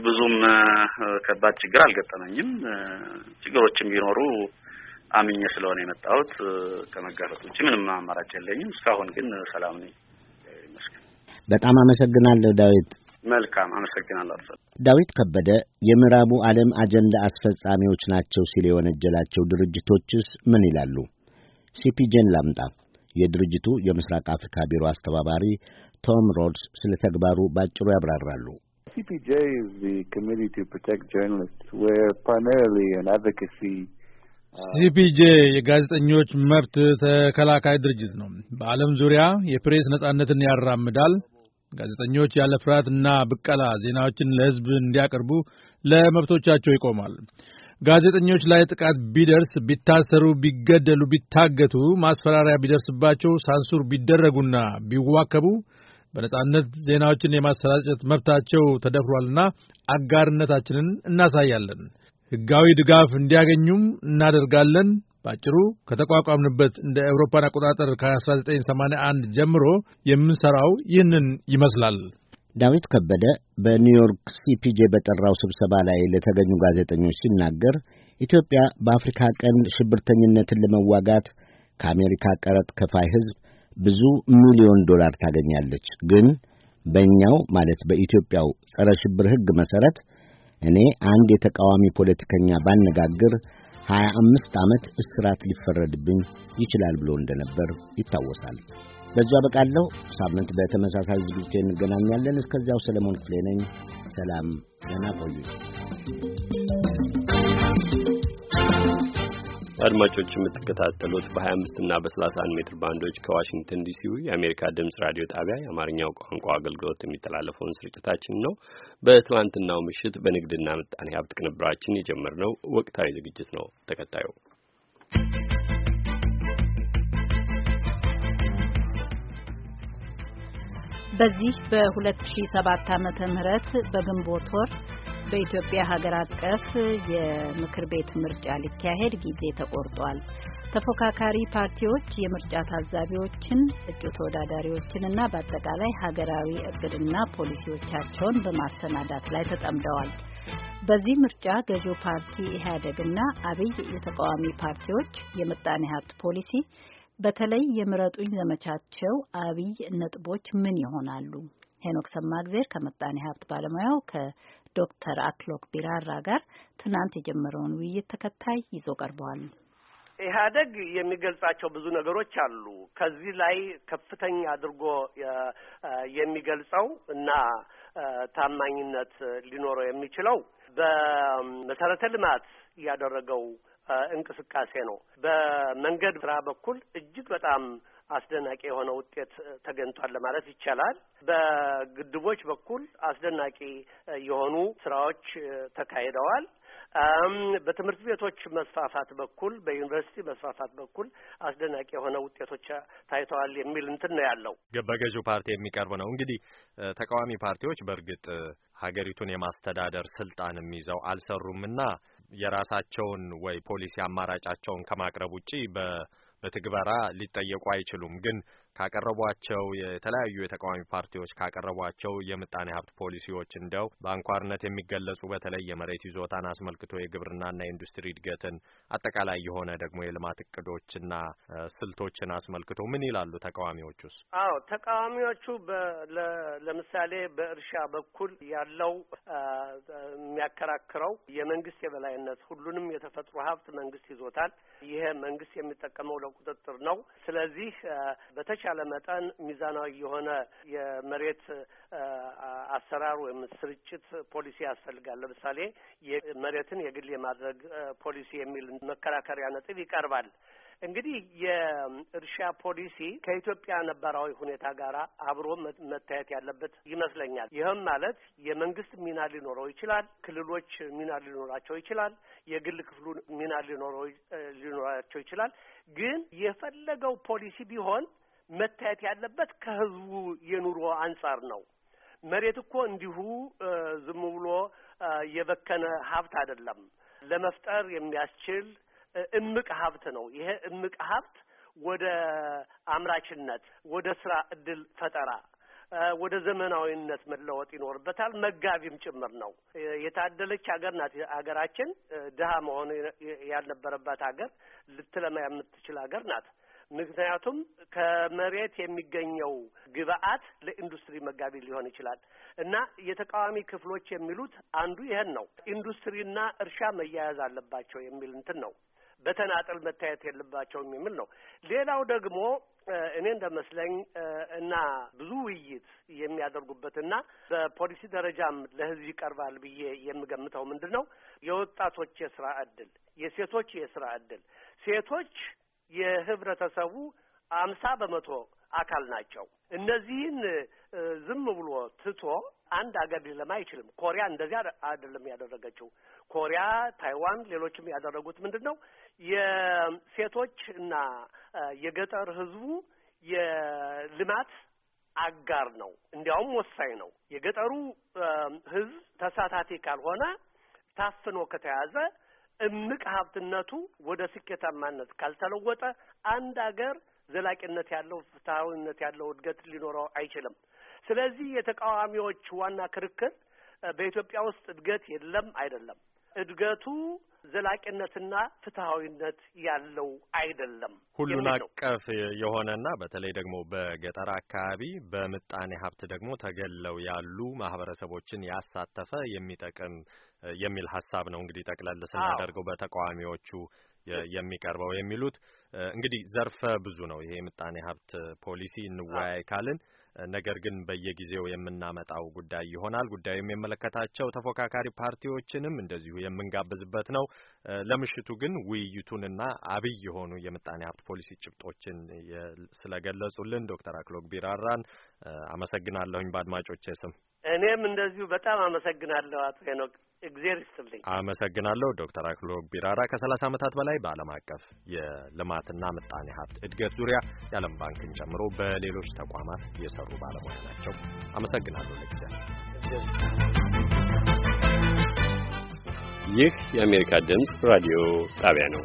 ብዙም ከባድ ችግር አልገጠመኝም። ችግሮችም ቢኖሩ አምኜ ስለሆነ የመጣሁት ከመጋፈጥ ውጭ ምንም አማራጭ የለኝም። እስካሁን ግን ሰላም ነኝ። በጣም አመሰግናለሁ ዳዊት። መልካም አመሰግናለሁ። ዳዊት ከበደ የምዕራቡ ዓለም አጀንዳ አስፈጻሚዎች ናቸው ሲል የወነጀላቸው ድርጅቶችስ ምን ይላሉ? ሲፒጄን ላምጣ። የድርጅቱ የምስራቅ አፍሪካ ቢሮ አስተባባሪ ቶም ሮድስ ስለ ተግባሩ ባጭሩ ያብራራሉ። ሲፒጄ uh, የጋዜጠኞች መብት ተከላካይ ድርጅት ነው። በዓለም ዙሪያ የፕሬስ ነጻነትን ያራምዳል፣ ጋዜጠኞች ያለ ፍርሃትና ብቀላ ዜናዎችን ለህዝብ እንዲያቀርቡ ለመብቶቻቸው ይቆማል። ጋዜጠኞች ላይ ጥቃት ቢደርስ፣ ቢታሰሩ፣ ቢገደሉ፣ ቢታገቱ፣ ማስፈራሪያ ቢደርስባቸው፣ ሳንሱር ቢደረጉና ቢዋከቡ በነጻነት ዜናዎችን የማሰራጨት መብታቸው ተደፍሯልና አጋርነታችንን እናሳያለን። ህጋዊ ድጋፍ እንዲያገኙም እናደርጋለን። በአጭሩ ከተቋቋምንበት እንደ ኤውሮፓን አቆጣጠር ከ1981 ጀምሮ የምንሠራው ይህንን ይመስላል። ዳዊት ከበደ በኒውዮርክ ሲፒጄ በጠራው ስብሰባ ላይ ለተገኙ ጋዜጠኞች ሲናገር ኢትዮጵያ በአፍሪካ ቀንድ ሽብርተኝነትን ለመዋጋት ከአሜሪካ ቀረጥ ከፋይ ሕዝብ ብዙ ሚሊዮን ዶላር ታገኛለች። ግን በእኛው ማለት በኢትዮጵያው ጸረ ሽብር ሕግ መሠረት እኔ አንድ የተቃዋሚ ፖለቲከኛ ባነጋግር ሀያ አምስት ዓመት እስራት ሊፈረድብኝ ይችላል ብሎ እንደነበር ይታወሳል። በዚሁ አበቃለሁ። ሳምንት በተመሳሳይ ዝግጅት እንገናኛለን። እስከዚያው ሰለሞን ክፍሌ ነኝ። ሰላም፣ ደህና ቆዩ። አድማጮች የምትከታተሉት በ25 እና በ31 ሜትር ባንዶች ከዋሽንግተን ዲሲው የአሜሪካ ድምፅ ራዲዮ ጣቢያ የአማርኛው ቋንቋ አገልግሎት የሚተላለፈውን ስርጭታችን ነው። በትላንትናው ምሽት በንግድና ምጣኔ ሀብት ቅንብራችን የጀመርነው ወቅታዊ ዝግጅት ነው። ተከታዩ በዚህ በ2007 ዓ.ም በግንቦት ወር በኢትዮጵያ ሀገር አቀፍ የምክር ቤት ምርጫ ሊካሄድ ጊዜ ተቆርጧል። ተፎካካሪ ፓርቲዎች የምርጫ ታዛቢዎችን፣ እጩ ተወዳዳሪዎችንና በአጠቃላይ ሀገራዊ እቅድና ፖሊሲዎቻቸውን በማሰናዳት ላይ ተጠምደዋል። በዚህ ምርጫ ገዢው ፓርቲ ኢህአዴግና አብይ የተቃዋሚ ፓርቲዎች የምጣኔ ሀብት ፖሊሲ በተለይ የምረጡኝ ዘመቻቸው አብይ ነጥቦች ምን ይሆናሉ? ሄኖክ ሰማእግዜር ከምጣኔ ሀብት ባለሙያው ዶክተር አክሎክ ቢራራ ጋር ትናንት የጀመረውን ውይይት ተከታይ ይዞ ቀርበዋል። ኢህአደግ የሚገልጻቸው ብዙ ነገሮች አሉ። ከዚህ ላይ ከፍተኛ አድርጎ የሚገልጸው እና ታማኝነት ሊኖረው የሚችለው በመሰረተ ልማት ያደረገው እንቅስቃሴ ነው። በመንገድ ስራ በኩል እጅግ በጣም አስደናቂ የሆነ ውጤት ተገኝቷል ለማለት ይቻላል። በግድቦች በኩል አስደናቂ የሆኑ ስራዎች ተካሂደዋል። በትምህርት ቤቶች መስፋፋት በኩል በዩኒቨርሲቲ መስፋፋት በኩል አስደናቂ የሆነ ውጤቶች ታይተዋል የሚል እንትን ነው ያለው። በገዢው ፓርቲ የሚቀርብ ነው እንግዲህ ተቃዋሚ ፓርቲዎች በእርግጥ ሀገሪቱን የማስተዳደር ስልጣንም ይዘው አልሰሩምና የራሳቸውን ወይ ፖሊሲ አማራጫቸውን ከማቅረብ ውጪ በ በትግበራ ሊጠየቁ አይችሉም። ግን ካቀረቧቸው የተለያዩ የተቃዋሚ ፓርቲዎች ካቀረቧቸው የምጣኔ ሀብት ፖሊሲዎች እንደው በአንኳርነት የሚገለጹ በተለይ የመሬት ይዞታን አስመልክቶ የግብርናና የኢንዱስትሪ እድገትን አጠቃላይ የሆነ ደግሞ የልማት እቅዶችና ስልቶችን አስመልክቶ ምን ይላሉ ተቃዋሚዎቹስ? አዎ ተቃዋሚዎቹ ለምሳሌ በእርሻ በኩል ያለው የሚያከራክረው የመንግስት የበላይነት ሁሉንም የተፈጥሮ ሀብት መንግስት ይዞታል። ይሄ መንግስት የሚጠቀመው ለቁጥጥር ነው። ስለዚህ በተ በተቻለ መጠን ሚዛናዊ የሆነ የመሬት አሰራር ወይም ስርጭት ፖሊሲ ያስፈልጋል። ለምሳሌ የመሬትን የግል የማድረግ ፖሊሲ የሚል መከራከሪያ ነጥብ ይቀርባል። እንግዲህ የእርሻ ፖሊሲ ከኢትዮጵያ ነባራዊ ሁኔታ ጋር አብሮ መታየት ያለበት ይመስለኛል። ይህም ማለት የመንግስት ሚና ሊኖረው ይችላል፣ ክልሎች ሚና ሊኖራቸው ይችላል፣ የግል ክፍሉ ሚና ሊኖረው ሊኖራቸው ይችላል። ግን የፈለገው ፖሊሲ ቢሆን መታየት ያለበት ከህዝቡ የኑሮ አንጻር ነው። መሬት እኮ እንዲሁ ዝም ብሎ የበከነ ሀብት አይደለም። ለመፍጠር የሚያስችል እምቅ ሀብት ነው። ይሄ እምቅ ሀብት ወደ አምራችነት፣ ወደ ስራ እድል ፈጠራ፣ ወደ ዘመናዊነት መለወጥ ይኖርበታል። መጋቢም ጭምር ነው። የታደለች ሀገር ናት ሀገራችን። ድሀ መሆን ያልነበረባት ሀገር፣ ልትለማ የምትችል ሀገር ናት። ምክንያቱም ከመሬት የሚገኘው ግብአት ለኢንዱስትሪ መጋቢ ሊሆን ይችላል እና የተቃዋሚ ክፍሎች የሚሉት አንዱ ይህን ነው። ኢንዱስትሪና እርሻ መያያዝ አለባቸው የሚል እንትን ነው። በተናጠል መታየት የለባቸውም የሚል ነው። ሌላው ደግሞ እኔ እንደመስለኝ እና ብዙ ውይይት የሚያደርጉበትና በፖሊሲ ደረጃም ለህዝብ ይቀርባል ብዬ የምገምተው ምንድን ነው የወጣቶች የስራ እድል፣ የሴቶች የስራ እድል ሴቶች የህብረተሰቡ አምሳ በመቶ አካል ናቸው። እነዚህን ዝም ብሎ ትቶ አንድ አገር ሊለማ አይችልም። ኮሪያ እንደዚያ አይደለም ያደረገችው። ኮሪያ፣ ታይዋን፣ ሌሎችም ያደረጉት ምንድን ነው? የሴቶች እና የገጠር ህዝቡ የልማት አጋር ነው። እንዲያውም ወሳኝ ነው። የገጠሩ ህዝብ ተሳታፊ ካልሆነ ታፍኖ ከተያዘ እምቅ ሀብትነቱ ወደ ስኬታማነት ካልተለወጠ አንድ አገር ዘላቂነት ያለው ፍትሐዊነት ያለው እድገት ሊኖረው አይችልም። ስለዚህ የተቃዋሚዎች ዋና ክርክር በኢትዮጵያ ውስጥ እድገት የለም አይደለም። እድገቱ ዘላቂነትና ፍትሐዊነት ያለው አይደለም። ሁሉን አቀፍ የሆነና በተለይ ደግሞ በገጠር አካባቢ በምጣኔ ሀብት ደግሞ ተገለው ያሉ ማህበረሰቦችን ያሳተፈ የሚጠቅም የሚል ሀሳብ ነው። እንግዲህ ጠቅለል ስናደርገው በተቃዋሚዎቹ የሚቀርበው የሚሉት እንግዲህ ዘርፈ ብዙ ነው። ይሄ የምጣኔ ሀብት ፖሊሲ እንወያይ ካልን ነገር ግን በየጊዜው የምናመጣው ጉዳይ ይሆናል። ጉዳዩ የሚመለከታቸው ተፎካካሪ ፓርቲዎችንም እንደዚሁ የምንጋብዝበት ነው። ለምሽቱ ግን ውይይቱንና አብይ የሆኑ የምጣኔ ሀብት ፖሊሲ ጭብጦችን ስለገለጹልን ዶክተር አክሎግ ቢራራን አመሰግናለሁኝ በአድማጮቼ ስም። እኔም እንደዚሁ በጣም አመሰግናለሁ አቶ ሄኖክ እግዜር ይስጥልኝ። አመሰግናለሁ ዶክተር አክሎ ቢራራ ከሰላሳ ዓመታት በላይ በዓለም አቀፍ የልማትና ምጣኔ ሀብት እድገት ዙሪያ የዓለም ባንክን ጨምሮ በሌሎች ተቋማት የሰሩ ባለሙያ ናቸው። አመሰግናለሁ ለጊዜ። ይህ የአሜሪካ ድምፅ ራዲዮ ጣቢያ ነው።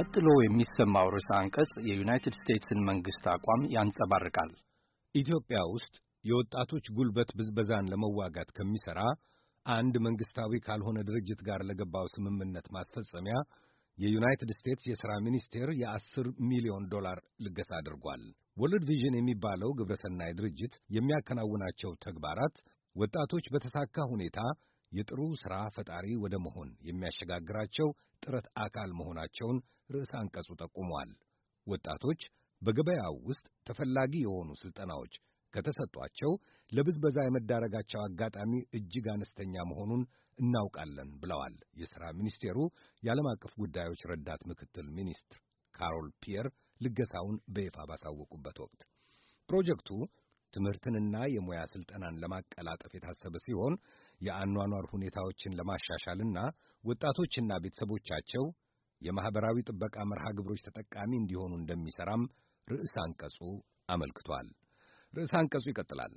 ቀጥሎ የሚሰማው ርዕሰ አንቀጽ የዩናይትድ ስቴትስን መንግሥት አቋም ያንጸባርቃል። ኢትዮጵያ ውስጥ የወጣቶች ጉልበት ብዝበዛን ለመዋጋት ከሚሠራ አንድ መንግሥታዊ ካልሆነ ድርጅት ጋር ለገባው ስምምነት ማስፈጸሚያ የዩናይትድ ስቴትስ የሥራ ሚኒስቴር የአስር ሚሊዮን ዶላር ልገሳ አድርጓል። ወርልድ ቪዥን የሚባለው ግብረ ሰናይ ድርጅት የሚያከናውናቸው ተግባራት ወጣቶች በተሳካ ሁኔታ የጥሩ ሥራ ፈጣሪ ወደ መሆን የሚያሸጋግራቸው ጥረት አካል መሆናቸውን ርዕስ አንቀጹ ጠቁሟል። ወጣቶች በገበያው ውስጥ ተፈላጊ የሆኑ ሥልጠናዎች ከተሰጧቸው ለብዝበዛ የመዳረጋቸው አጋጣሚ እጅግ አነስተኛ መሆኑን እናውቃለን ብለዋል የሥራ ሚኒስቴሩ የዓለም አቀፍ ጉዳዮች ረዳት ምክትል ሚኒስትር ካሮል ፒየር ልገሳውን በይፋ ባሳወቁበት ወቅት ፕሮጀክቱ ትምህርትንና የሙያ ሥልጠናን ለማቀላጠፍ የታሰበ ሲሆን የአኗኗር ሁኔታዎችን ለማሻሻልና ወጣቶችና ቤተሰቦቻቸው የማኅበራዊ ጥበቃ መርሃ ግብሮች ተጠቃሚ እንዲሆኑ እንደሚሠራም ርዕስ አንቀጹ አመልክቷል። ርዕስ አንቀጹ ይቀጥላል።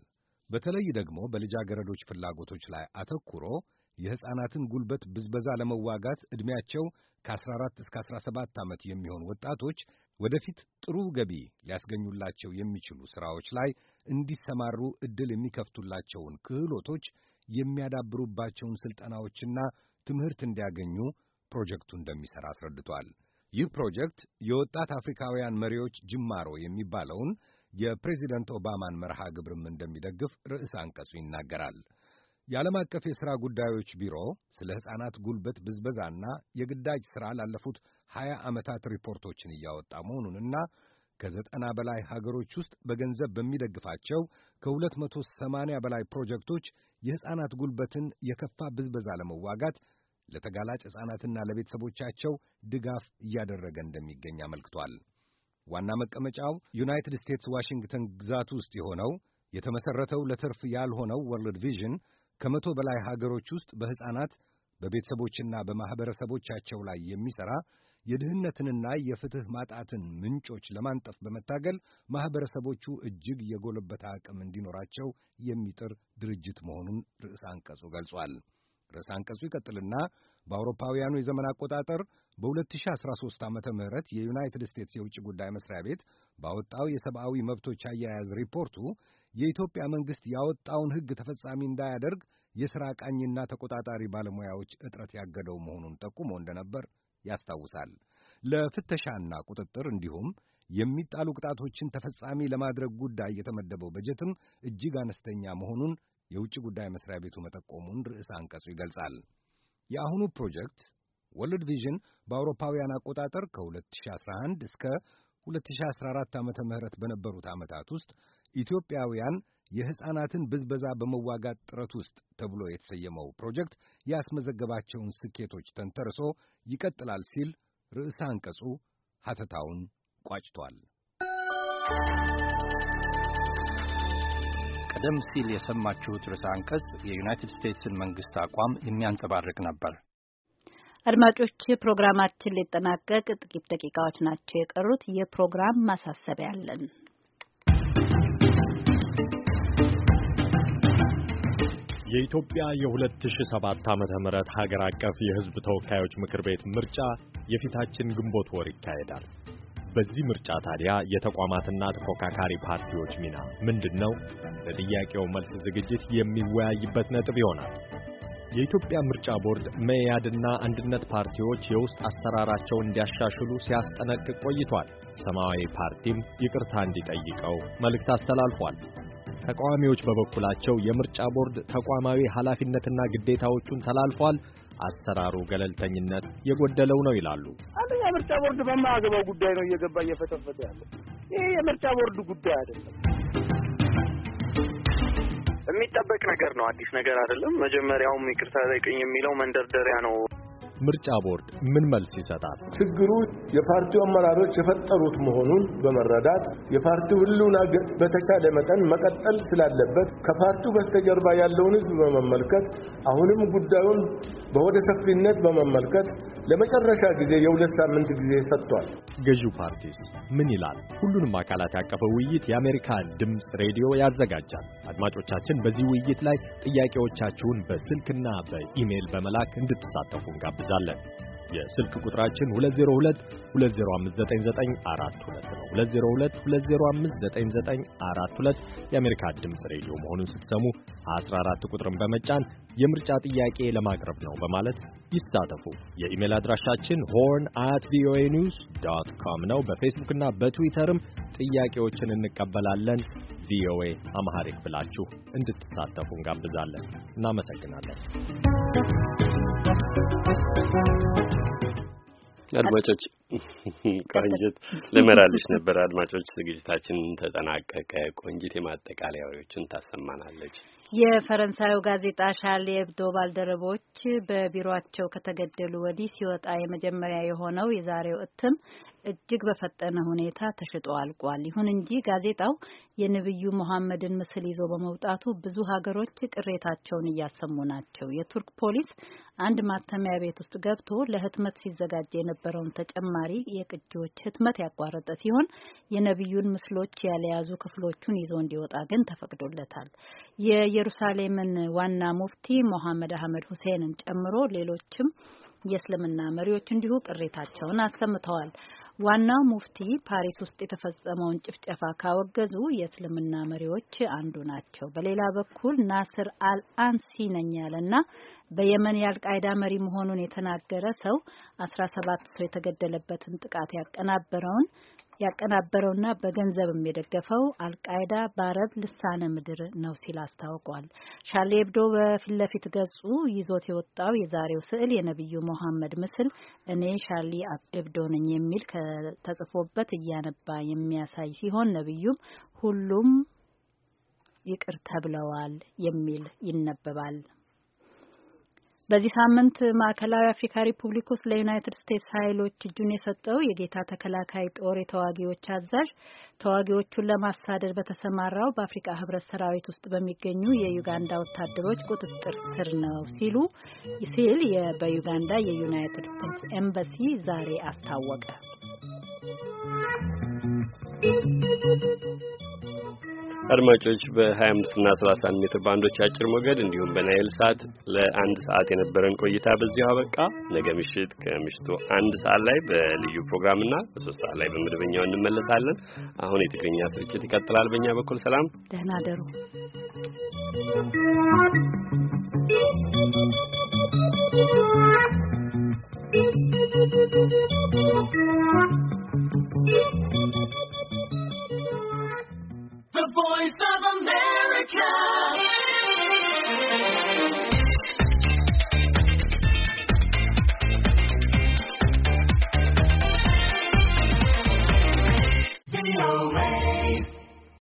በተለይ ደግሞ በልጃገረዶች ፍላጎቶች ላይ አተኩሮ የሕፃናትን ጉልበት ብዝበዛ ለመዋጋት ዕድሜያቸው ከ14 እስከ 17 ዓመት የሚሆኑ ወጣቶች ወደፊት ጥሩ ገቢ ሊያስገኙላቸው የሚችሉ ሥራዎች ላይ እንዲሰማሩ ዕድል የሚከፍቱላቸውን ክህሎቶች የሚያዳብሩባቸውን ሥልጠናዎችና ትምህርት እንዲያገኙ ፕሮጀክቱ እንደሚሠራ አስረድቷል። ይህ ፕሮጀክት የወጣት አፍሪካውያን መሪዎች ጅማሮ የሚባለውን የፕሬዚደንት ኦባማን መርሃ ግብርም እንደሚደግፍ ርዕስ አንቀጹ ይናገራል። የዓለም አቀፍ የሥራ ጉዳዮች ቢሮ ስለ ሕፃናት ጉልበት ብዝበዛና የግዳጅ ሥራ ላለፉት ሀያ ዓመታት ሪፖርቶችን እያወጣ መሆኑንና ከዘጠና በላይ ሀገሮች ውስጥ በገንዘብ በሚደግፋቸው ከሁለት መቶ ሰማንያ በላይ ፕሮጀክቶች የሕፃናት ጉልበትን የከፋ ብዝበዛ ለመዋጋት ለተጋላጭ ሕፃናትና ለቤተሰቦቻቸው ድጋፍ እያደረገ እንደሚገኝ አመልክቷል። ዋና መቀመጫው ዩናይትድ ስቴትስ ዋሽንግተን ግዛት ውስጥ የሆነው የተመሠረተው ለትርፍ ያልሆነው ወርልድ ቪዥን ከመቶ በላይ ሀገሮች ውስጥ በሕፃናት በቤተሰቦችና በማኅበረሰቦቻቸው ላይ የሚሠራ የድህነትንና የፍትህ ማጣትን ምንጮች ለማንጠፍ በመታገል ማኅበረሰቦቹ እጅግ የጎለበተ አቅም እንዲኖራቸው የሚጥር ድርጅት መሆኑን ርዕስ አንቀጹ ገልጿል። ርዕስ አንቀጹ ይቀጥልና በአውሮፓውያኑ የዘመን አቆጣጠር በ2013 ዓ ም የዩናይትድ ስቴትስ የውጭ ጉዳይ መስሪያ ቤት ባወጣው የሰብአዊ መብቶች አያያዝ ሪፖርቱ የኢትዮጵያ መንግሥት ያወጣውን ሕግ ተፈጻሚ እንዳያደርግ የሥራ ቃኝና ተቆጣጣሪ ባለሙያዎች እጥረት ያገደው መሆኑን ጠቁሞ እንደነበር ያስታውሳል። ለፍተሻና ቁጥጥር እንዲሁም የሚጣሉ ቅጣቶችን ተፈጻሚ ለማድረግ ጉዳይ የተመደበው በጀትም እጅግ አነስተኛ መሆኑን የውጭ ጉዳይ መስሪያ ቤቱ መጠቆሙን ርዕስ አንቀጹ ይገልጻል። የአሁኑ ፕሮጀክት ወርልድ ቪዥን በአውሮፓውያን አቆጣጠር ከ2011 እስከ 2014 ዓመተ ምህረት በነበሩት ዓመታት ውስጥ ኢትዮጵያውያን የሕፃናትን ብዝበዛ በመዋጋት ጥረት ውስጥ ተብሎ የተሰየመው ፕሮጀክት ያስመዘገባቸውን ስኬቶች ተንተርሶ ይቀጥላል ሲል ርዕሰ አንቀጹ ሐተታውን ቋጭቷል። ቀደም ሲል የሰማችሁት ርዕሰ አንቀጽ የዩናይትድ ስቴትስን መንግሥት አቋም የሚያንጸባርቅ ነበር። አድማጮች፣ ፕሮግራማችን ሊጠናቀቅ ጥቂት ደቂቃዎች ናቸው የቀሩት። የፕሮግራም ማሳሰቢያ አለን። የኢትዮጵያ የ2007 ዓ.ም ሀገር አቀፍ የሕዝብ ተወካዮች ምክር ቤት ምርጫ የፊታችን ግንቦት ወር ይካሄዳል። በዚህ ምርጫ ታዲያ የተቋማትና ተፎካካሪ ፓርቲዎች ሚና ምንድን ነው? ለጥያቄው መልስ ዝግጅት የሚወያይበት ነጥብ ይሆናል። የኢትዮጵያ ምርጫ ቦርድ መኢአድና አንድነት ፓርቲዎች የውስጥ አሰራራቸውን እንዲያሻሽሉ ሲያስጠነቅቅ ቆይቷል። ሰማያዊ ፓርቲም ይቅርታ እንዲጠይቀው መልእክት አስተላልፏል። ተቃዋሚዎች በበኩላቸው የምርጫ ቦርድ ተቋማዊ ኃላፊነትና ግዴታዎቹን ተላልፏል፣ አሰራሩ ገለልተኝነት የጎደለው ነው ይላሉ። አንደኛ የምርጫ ቦርድ በማያገባው ጉዳይ ነው እየገባ እየፈተፈተ ያለው። ይህ የምርጫ ቦርድ ጉዳይ አይደለም። የሚጠበቅ ነገር ነው። አዲስ ነገር አይደለም። መጀመሪያውም ይቅርታ ጠይቅኝ የሚለው መንደርደሪያ ነው። ምርጫ ቦርድ ምን መልስ ይሰጣል? ችግሩ የፓርቲው አመራሮች የፈጠሩት መሆኑን በመረዳት የፓርቲው ህልውና በተቻለ መጠን መቀጠል ስላለበት ከፓርቲው በስተጀርባ ያለውን ህዝብ በመመልከት አሁንም ጉዳዩን በወደ ሰፊነት በመመልከት ለመጨረሻ ጊዜ የሁለት ሳምንት ጊዜ ሰጥቷል። ገዢው ፓርቲስ ምን ይላል? ሁሉንም አካላት ያቀፈ ውይይት የአሜሪካ ድምፅ ሬዲዮ ያዘጋጃል። አድማጮቻችን በዚህ ውይይት ላይ ጥያቄዎቻችሁን በስልክና በኢሜይል በመላክ እንድትሳተፉ እንጋብዛለን። የስልክ ቁጥራችን 2022059942 ነው። 2022059942 የአሜሪካ ድምፅ ሬዲዮ መሆኑን ስትሰሙ 14 ቁጥርን በመጫን የምርጫ ጥያቄ ለማቅረብ ነው በማለት ይሳተፉ። የኢሜል አድራሻችን ሆርን አት ቪኦኤ ኒውስ ዶት ኮም ነው። በፌስቡክና በትዊተርም ጥያቄዎችን እንቀበላለን። ቪኦኤ አማሐሪክ ብላችሁ እንድትሳተፉ እንጋብዛለን። እናመሰግናለን። አድማጮች ቆንጅት ልመራልሽ ነበር። አድማጮች ዝግጅታችን ተጠናቀቀ። ቆንጅት የማጠቃለያዎችን ታሰማናለች። የፈረንሳዩ ጋዜጣ ሻርሊ ኤብዶ ባልደረቦች በቢሮቸው ከተገደሉ ወዲህ ሲወጣ የመጀመሪያ የሆነው የዛሬው እትም እጅግ በፈጠነ ሁኔታ ተሽጦ አልቋል። ይሁን እንጂ ጋዜጣው የነብዩ መሐመድን ምስል ይዞ በመውጣቱ ብዙ ሀገሮች ቅሬታቸውን እያሰሙ ናቸው። የቱርክ ፖሊስ አንድ ማተሚያ ቤት ውስጥ ገብቶ ለህትመት ሲዘጋጅ የነበረውን ተጨማሪ የቅጂዎች ህትመት ያቋረጠ ሲሆን የነቢዩን ምስሎች ያልያዙ ክፍሎቹን ይዞ እንዲወጣ ግን ተፈቅዶለታል። የኢየሩሳሌምን ዋና ሙፍቲ ሞሐመድ አህመድ ሁሴንን ጨምሮ ሌሎችም የእስልምና መሪዎች እንዲሁ ቅሬታቸውን አሰምተዋል። ዋናው ሙፍቲ ፓሪስ ውስጥ የተፈጸመውን ጭፍጨፋ ካወገዙ የእስልምና መሪዎች አንዱ ናቸው። በሌላ በኩል ናስር አልአንሲ ነኝ ያለና በየመን የአልቃይዳ መሪ መሆኑን የተናገረ ሰው አስራ ሰባት ሰው የተገደለበትን ጥቃት ያቀናበረውን ያቀናበረውና በገንዘብም የደገፈው አልቃይዳ በአረብ ልሳነ ምድር ነው ሲል አስታውቋል። ሻርሊ ኤብዶ በፊት ለፊት ገጹ ይዞት የወጣው የዛሬው ስዕል የነቢዩ ሞሐመድ ምስል እኔ ሻርሊ ኤብዶ ነኝ የሚል ከተጽፎበት እያነባ የሚያሳይ ሲሆን ነቢዩም ሁሉም ይቅር ተብለዋል የሚል ይነበባል። በዚህ ሳምንት ማዕከላዊ አፍሪካ ሪፑብሊክ ውስጥ ለዩናይትድ ስቴትስ ኃይሎች እጁን የሰጠው የጌታ ተከላካይ ጦር የተዋጊዎች አዛዥ ተዋጊዎቹን ለማሳደድ በተሰማራው በአፍሪካ ሕብረት ሰራዊት ውስጥ በሚገኙ የዩጋንዳ ወታደሮች ቁጥጥር ስር ነው ሲሉ ሲል በዩጋንዳ የዩናይትድ ስቴትስ ኤምባሲ ዛሬ አስታወቀ። አድማጮች በ25 እና 30 ሜትር ባንዶች አጭር ሞገድ እንዲሁም በናይል ሳት ለአንድ ሰዓት የነበረን ቆይታ በዚሁ አበቃ። ነገ ምሽት ከምሽቱ አንድ ሰዓት ላይ በልዩ ፕሮግራምና በሶስት ሰዓት ላይ በመደበኛው እንመለሳለን። አሁን የትግርኛ ስርጭት ይቀጥላል። በእኛ በኩል ሰላም፣ ደህና you. voice of America.